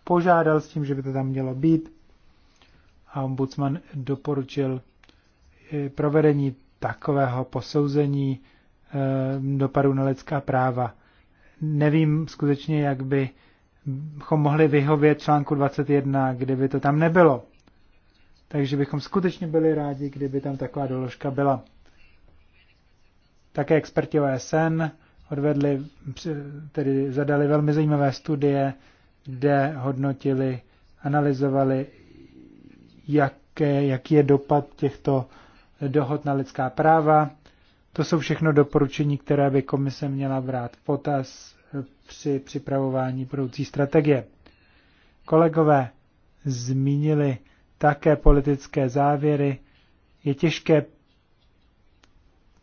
požádal s tím, že by to tam mělo být a ombudsman doporučil eh, provedení takového posouzení eh, dopadu na lidská práva. Nevím skutečně, jak by bychom mohli vyhovět článku 21, kdyby to tam nebylo. Takže bychom skutečně byli rádi, kdyby tam taková doložka byla. Také experti OSN odvedli, tedy zadali velmi zajímavé studie, kde hodnotili, analyzovali, jaké, jaký je dopad těchto dohod na lidská práva. To jsou všechno doporučení, které by komise měla brát v potaz při připravování budoucí strategie. Kolegové zmínili také politické závěry. Je těžké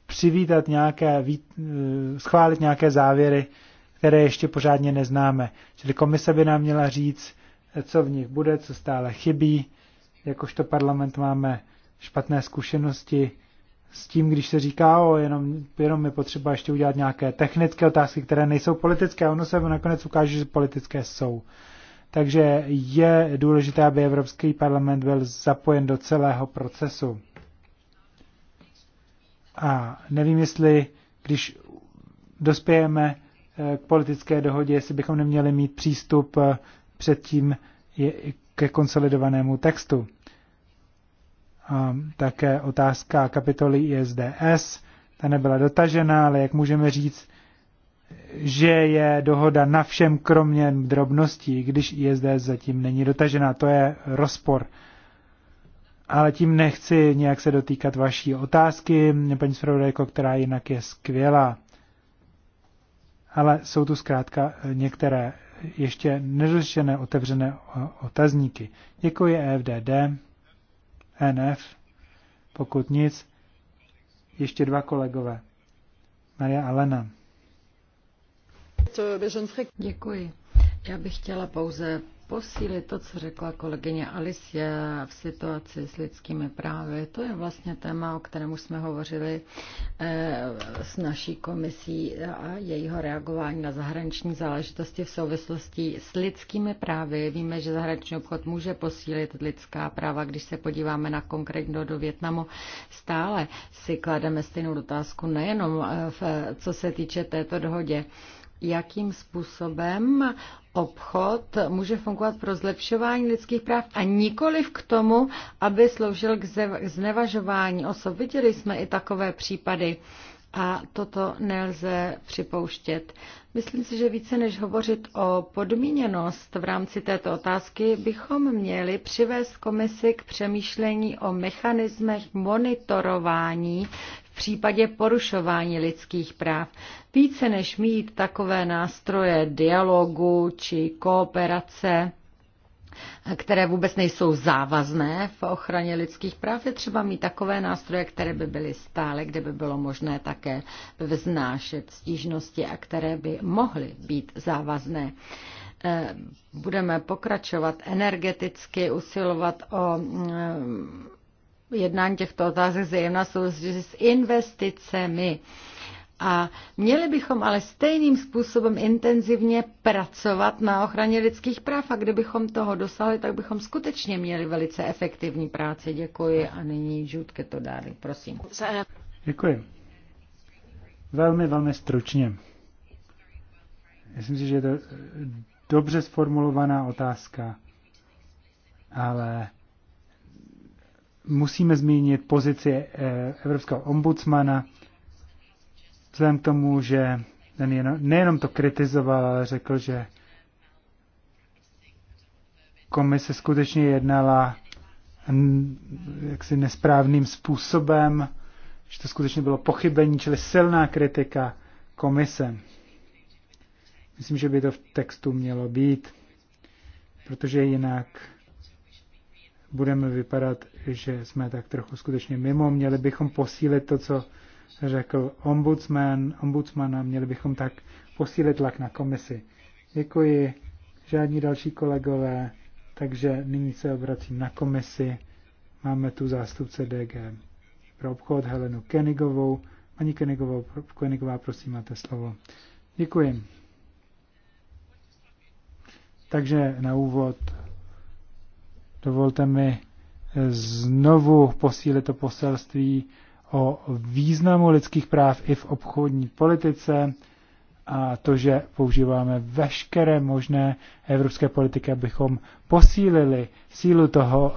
přivítat nějaké, eh, schválit nějaké závěry, které ještě pořádně neznáme. Čili komise by nám měla říct, co v nich bude, co stále chybí. Jakožto parlament máme špatné zkušenosti s tím, když se říká, o, jenom, jenom je potřeba ještě udělat nějaké technické otázky, které nejsou politické, a ono se nakonec ukáže, že politické jsou. Takže je důležité, aby Evropský parlament byl zapojen do celého procesu. A nevím, jestli když dospějeme eh, k politické dohodě, jestli bychom neměli mít přístup eh, předtím ke konsolidovanému textu také otázka kapitoly ISDS, ta nebyla dotažena, ale jak můžeme říct, že je dohoda na všem kromě drobností, když ISDS zatím není dotažena. To je rozpor. Ale tím nechci nějak se dotýkat vaší otázky, paní zpravodajko, která jinak je skvělá. Ale jsou tu zkrátka některé ještě nedořešené otevřené otazníky. Děkuji EFDD. NF. Pokud nic, ještě dva kolegové. Maria Alena. Děkuji. Já bych chtěla pouze posílit to, co řekla kolegyně Alicia v situaci s lidskými právy. To je vlastně téma, o kterém už jsme hovořili eh, s naší komisí a jejího reagování na zahraniční záležitosti v souvislosti s lidskými právy. Víme, že zahraniční obchod může posílit lidská práva. Když se podíváme na konkrétně do Větnamu, stále si klademe stejnou otázku nejenom eh, v, co se týče této dohodě jakým způsobem obchod může fungovat pro zlepšování lidských práv a nikoliv k tomu, aby sloužil k znevažování osob. Viděli jsme i takové případy a toto nelze připouštět. Myslím si, že více než hovořit o podmíněnost v rámci této otázky, bychom měli přivést komisi k přemýšlení o mechanismech monitorování v případě porušování lidských práv. Více než mít takové nástroje dialogu či kooperace, které vůbec nejsou závazné v ochraně lidských práv, je třeba mít takové nástroje, které by byly stále, kde by bylo možné také vznášet stížnosti a které by mohly být závazné eh, budeme pokračovat energeticky, usilovat o mm, eh, jednání těchto otázek zejména s investicemi. A měli bychom ale stejným způsobem intenzivně pracovat na ochraně lidských práv a kdybychom toho dosáhli, tak bychom skutečně měli velice efektivní práci. Děkuji a nyní Žutke to dále, prosím. Děkuji. Velmi, velmi stručně. Myslím si, že je to dobře sformulovaná otázka, ale musíme zmínit pozici eh, Evropského ombudsmana, vzhledem k tomu, že ten jenom, nejenom to kritizoval, ale řekl, že komise skutečně jednala jaksi nesprávným způsobem, že to skutečně bylo pochybení, čili silná kritika komise. Myslím, že by to v textu mělo být, protože jinak budeme vypadat, že jsme tak trochu skutečně mimo. Měli bychom posílit to, co řekl ombudsman, ombudsmana, měli bychom tak posílit tlak na komisi. Děkuji, žádní další kolegové, takže nyní se obracím na komisi. Máme tu zástupce DG pro obchod Helenu Kenigovou. Paní Kenigová, prosím, máte slovo. Děkuji. Takže na úvod dovolte mi znovu posílit to poselství o významu lidských práv i v obchodní politice a to, že používáme veškeré možné evropské politiky, abychom posílili sílu toho,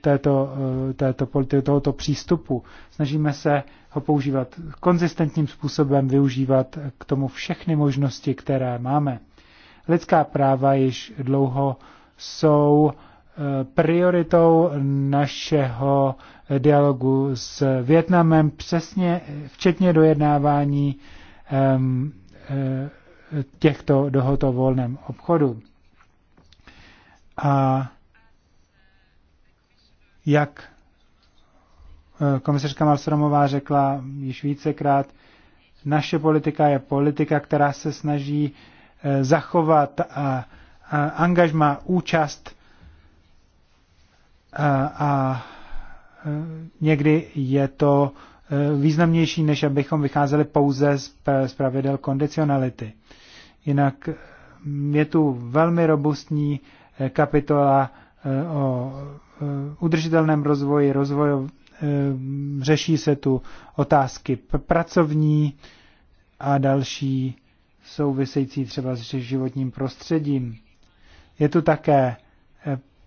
této, e, této politiky, tohoto přístupu. Snažíme se ho používat konzistentním způsobem, využívat k tomu všechny možnosti, které máme. Lidská práva již dlouho jsou prioritou našeho dialogu s Větnamem, přesně včetně dojednávání eh, těchto dohod o volném obchodu. A jak eh, komisařka Malstromová řekla již vícekrát, naše politika je politika, která se snaží eh, zachovat a, a angažma, účast a e, někdy je to e, významnější, než abychom vycházeli pouze z pravidel kondicionality. Jinak e, je tu velmi robustní kapitola o udržitelném rozvoji, rozvoju, řeší se tu otázky pracovní a další související třeba s životním prostředím. Je tu také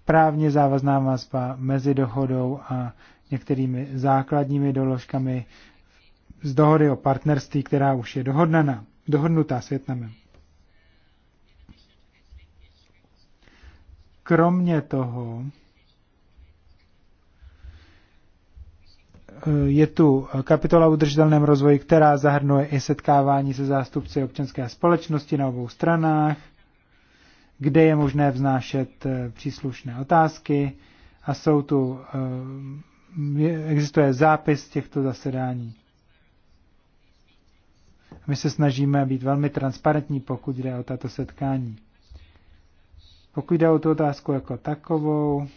právně závazná vazba mezi dohodou a některými základními doložkami z dohody o partnerství, která už je dohodnana, dohodnutá s Větnamem. Kromě toho eh, je tu kapitola o udržitelném rozvoji, která zahrnuje i setkávání se zástupci občanské společnosti na obou stranách, kde je možné vznášet eh, příslušné otázky a jsou tu, eh, existuje zápis těchto zasedání. My se snažíme být velmi transparentní, pokud jde o tato setkání. Pokud jde o tu otázku jako takovou,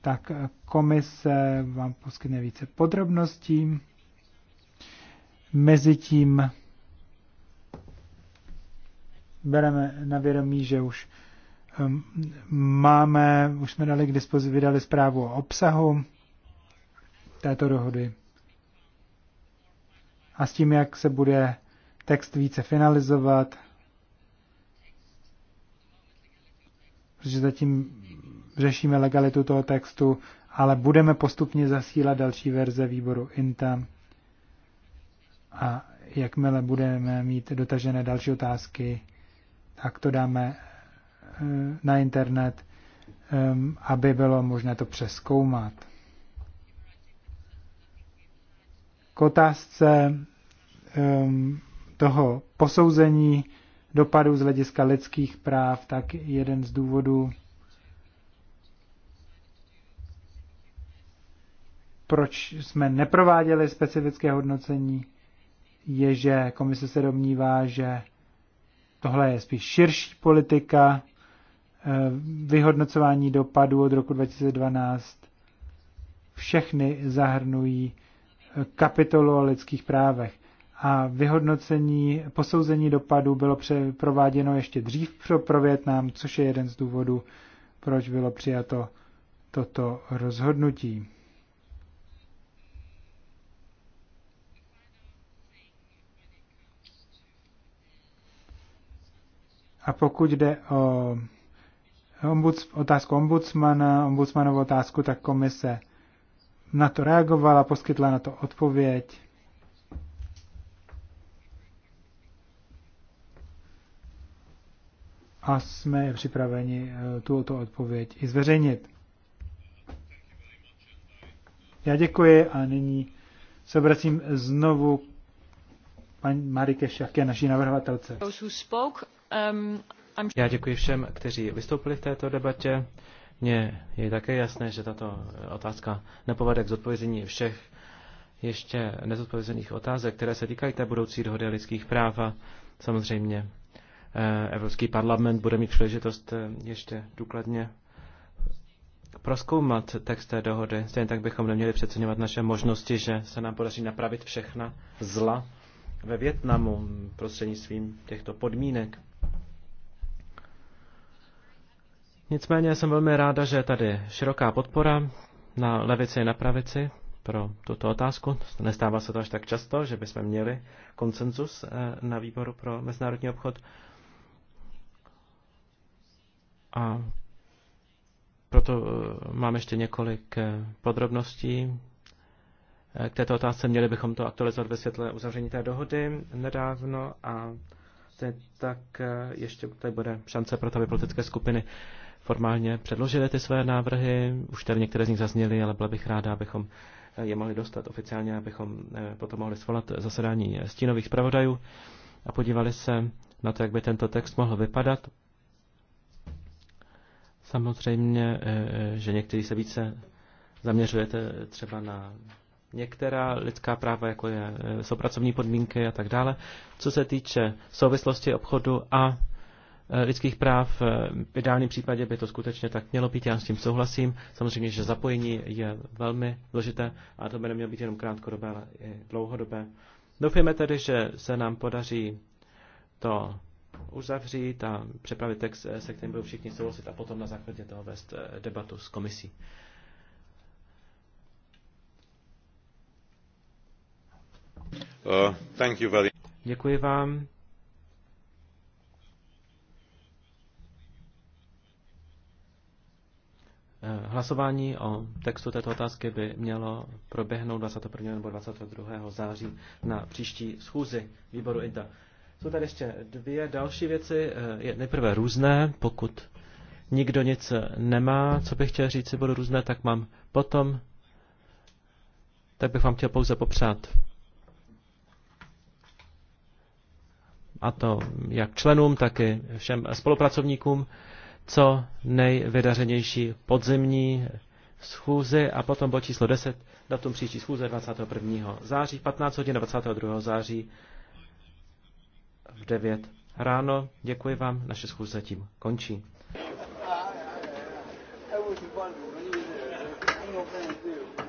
tak komise vám poskytne více podrobností. Mezitím bereme na vědomí, že už um, máme, už jsme dali k dispozici, vydali zprávu o obsahu této dohody a s tím, jak se bude text více finalizovat, protože zatím řešíme legalitu toho textu, ale budeme postupně zasílat další verze výboru INTA a jakmile budeme mít dotažené další otázky, tak to dáme eh, na internet, ehm, aby bylo možné to přeskoumat. K otázce ehm, toho posouzení dopadů z hlediska lidských práv, tak jeden z důvodů, proč jsme neprováděli specifické hodnocení, je, že komise se domnívá, že Tohle je spíš širší politika, eh, vyhodnocování dopadů od roku 2012. Všechny zahrnují eh, kapitolu o lidských právech. A vyhodnocení, posouzení dopadů bylo prováděno ještě dřív pro, pro Větnam, což je jeden z důvodů, proč bylo přijato toto rozhodnutí. A pokud jde o ombuds, otázku ombudsmana, ombudsmanovou otázku, tak komise na to reagovala, poskytla na to odpověď. A jsme připraveni eh, tuto odpověď i zveřejnit. Já děkuji a nyní se obracím znovu paní Marike Šaké, naší navrhovatelce. Já děkuji všem, kteří vystoupili v této debatě. Mně je také jasné, že tato otázka nepovede k zodpovězení všech ještě nezodpovězených otázek, které se týkají té budoucí dohody lidských práv a samozřejmě eh, Evropský parlament bude mít příležitost eh, ještě důkladně proskoumat text té dohody. Stejně tak bychom neměli přeceňovat naše možnosti, že se nám podaří napravit všechna zla, ve Větnamu prostřednictvím těchto podmínek. Nicméně jsem velmi ráda, že je tady široká podpora na levici i na pravici pro tuto otázku. Nestává se to až tak často, že bychom měli konsenzus eh, na výboru pro mezinárodní obchod. A proto eh, mám ještě několik eh, podrobností Eh, k této otázce. Měli bychom to aktualizovat ve světle uzavření té dohody nedávno a tak eh, ještě tady bude šance pro to, aby politické skupiny formálně předložily ty své návrhy. Už tady některé z nich zazněly, ale byla bych ráda, abychom eh, je mohli dostat oficiálně, abychom potom mohli svolat zasedání stínových zpravodajů a podívali se na to, jak by tento text mohl vypadat. Samozřejmě, že někteří se více zaměřujete třeba na některá lidská práva, jako je, e, jsou pracovní podmínky a tak dále. Co se týče souvislosti obchodu a e, lidských práv, e, v ideálním případě by to skutečně tak mělo být, já s tím souhlasím. Samozřejmě, že zapojení je velmi důležité a to by nemělo být jenom krátkodobé, ale i dlouhodobé. Doufujeme tedy, že se nám podaří to uzavřít a přepravit text, se kterým budou všichni souhlasit a potom na základě toho vést debatu s komisí. Uh, Děkuji vám. Eh, hlasování o textu této otázky by mělo proběhnout 21. nebo 22. září na příští schůzi výboru ITA. Jsou tady ještě dvě další věci. Eh, je nejprve různé, pokud nikdo nic nemá, co bych chtěl říct, si budu různé, tak mám potom. Tak bych vám chtěl pouze popřát a to jak členům, tak i všem spolupracovníkům, co nejvydařenější podzimní schůzi a potom bod číslo 10, datum příští schůze 21. září, 15 hodin 22. září v 9 ráno. Děkuji vám, naše schůze tím končí. I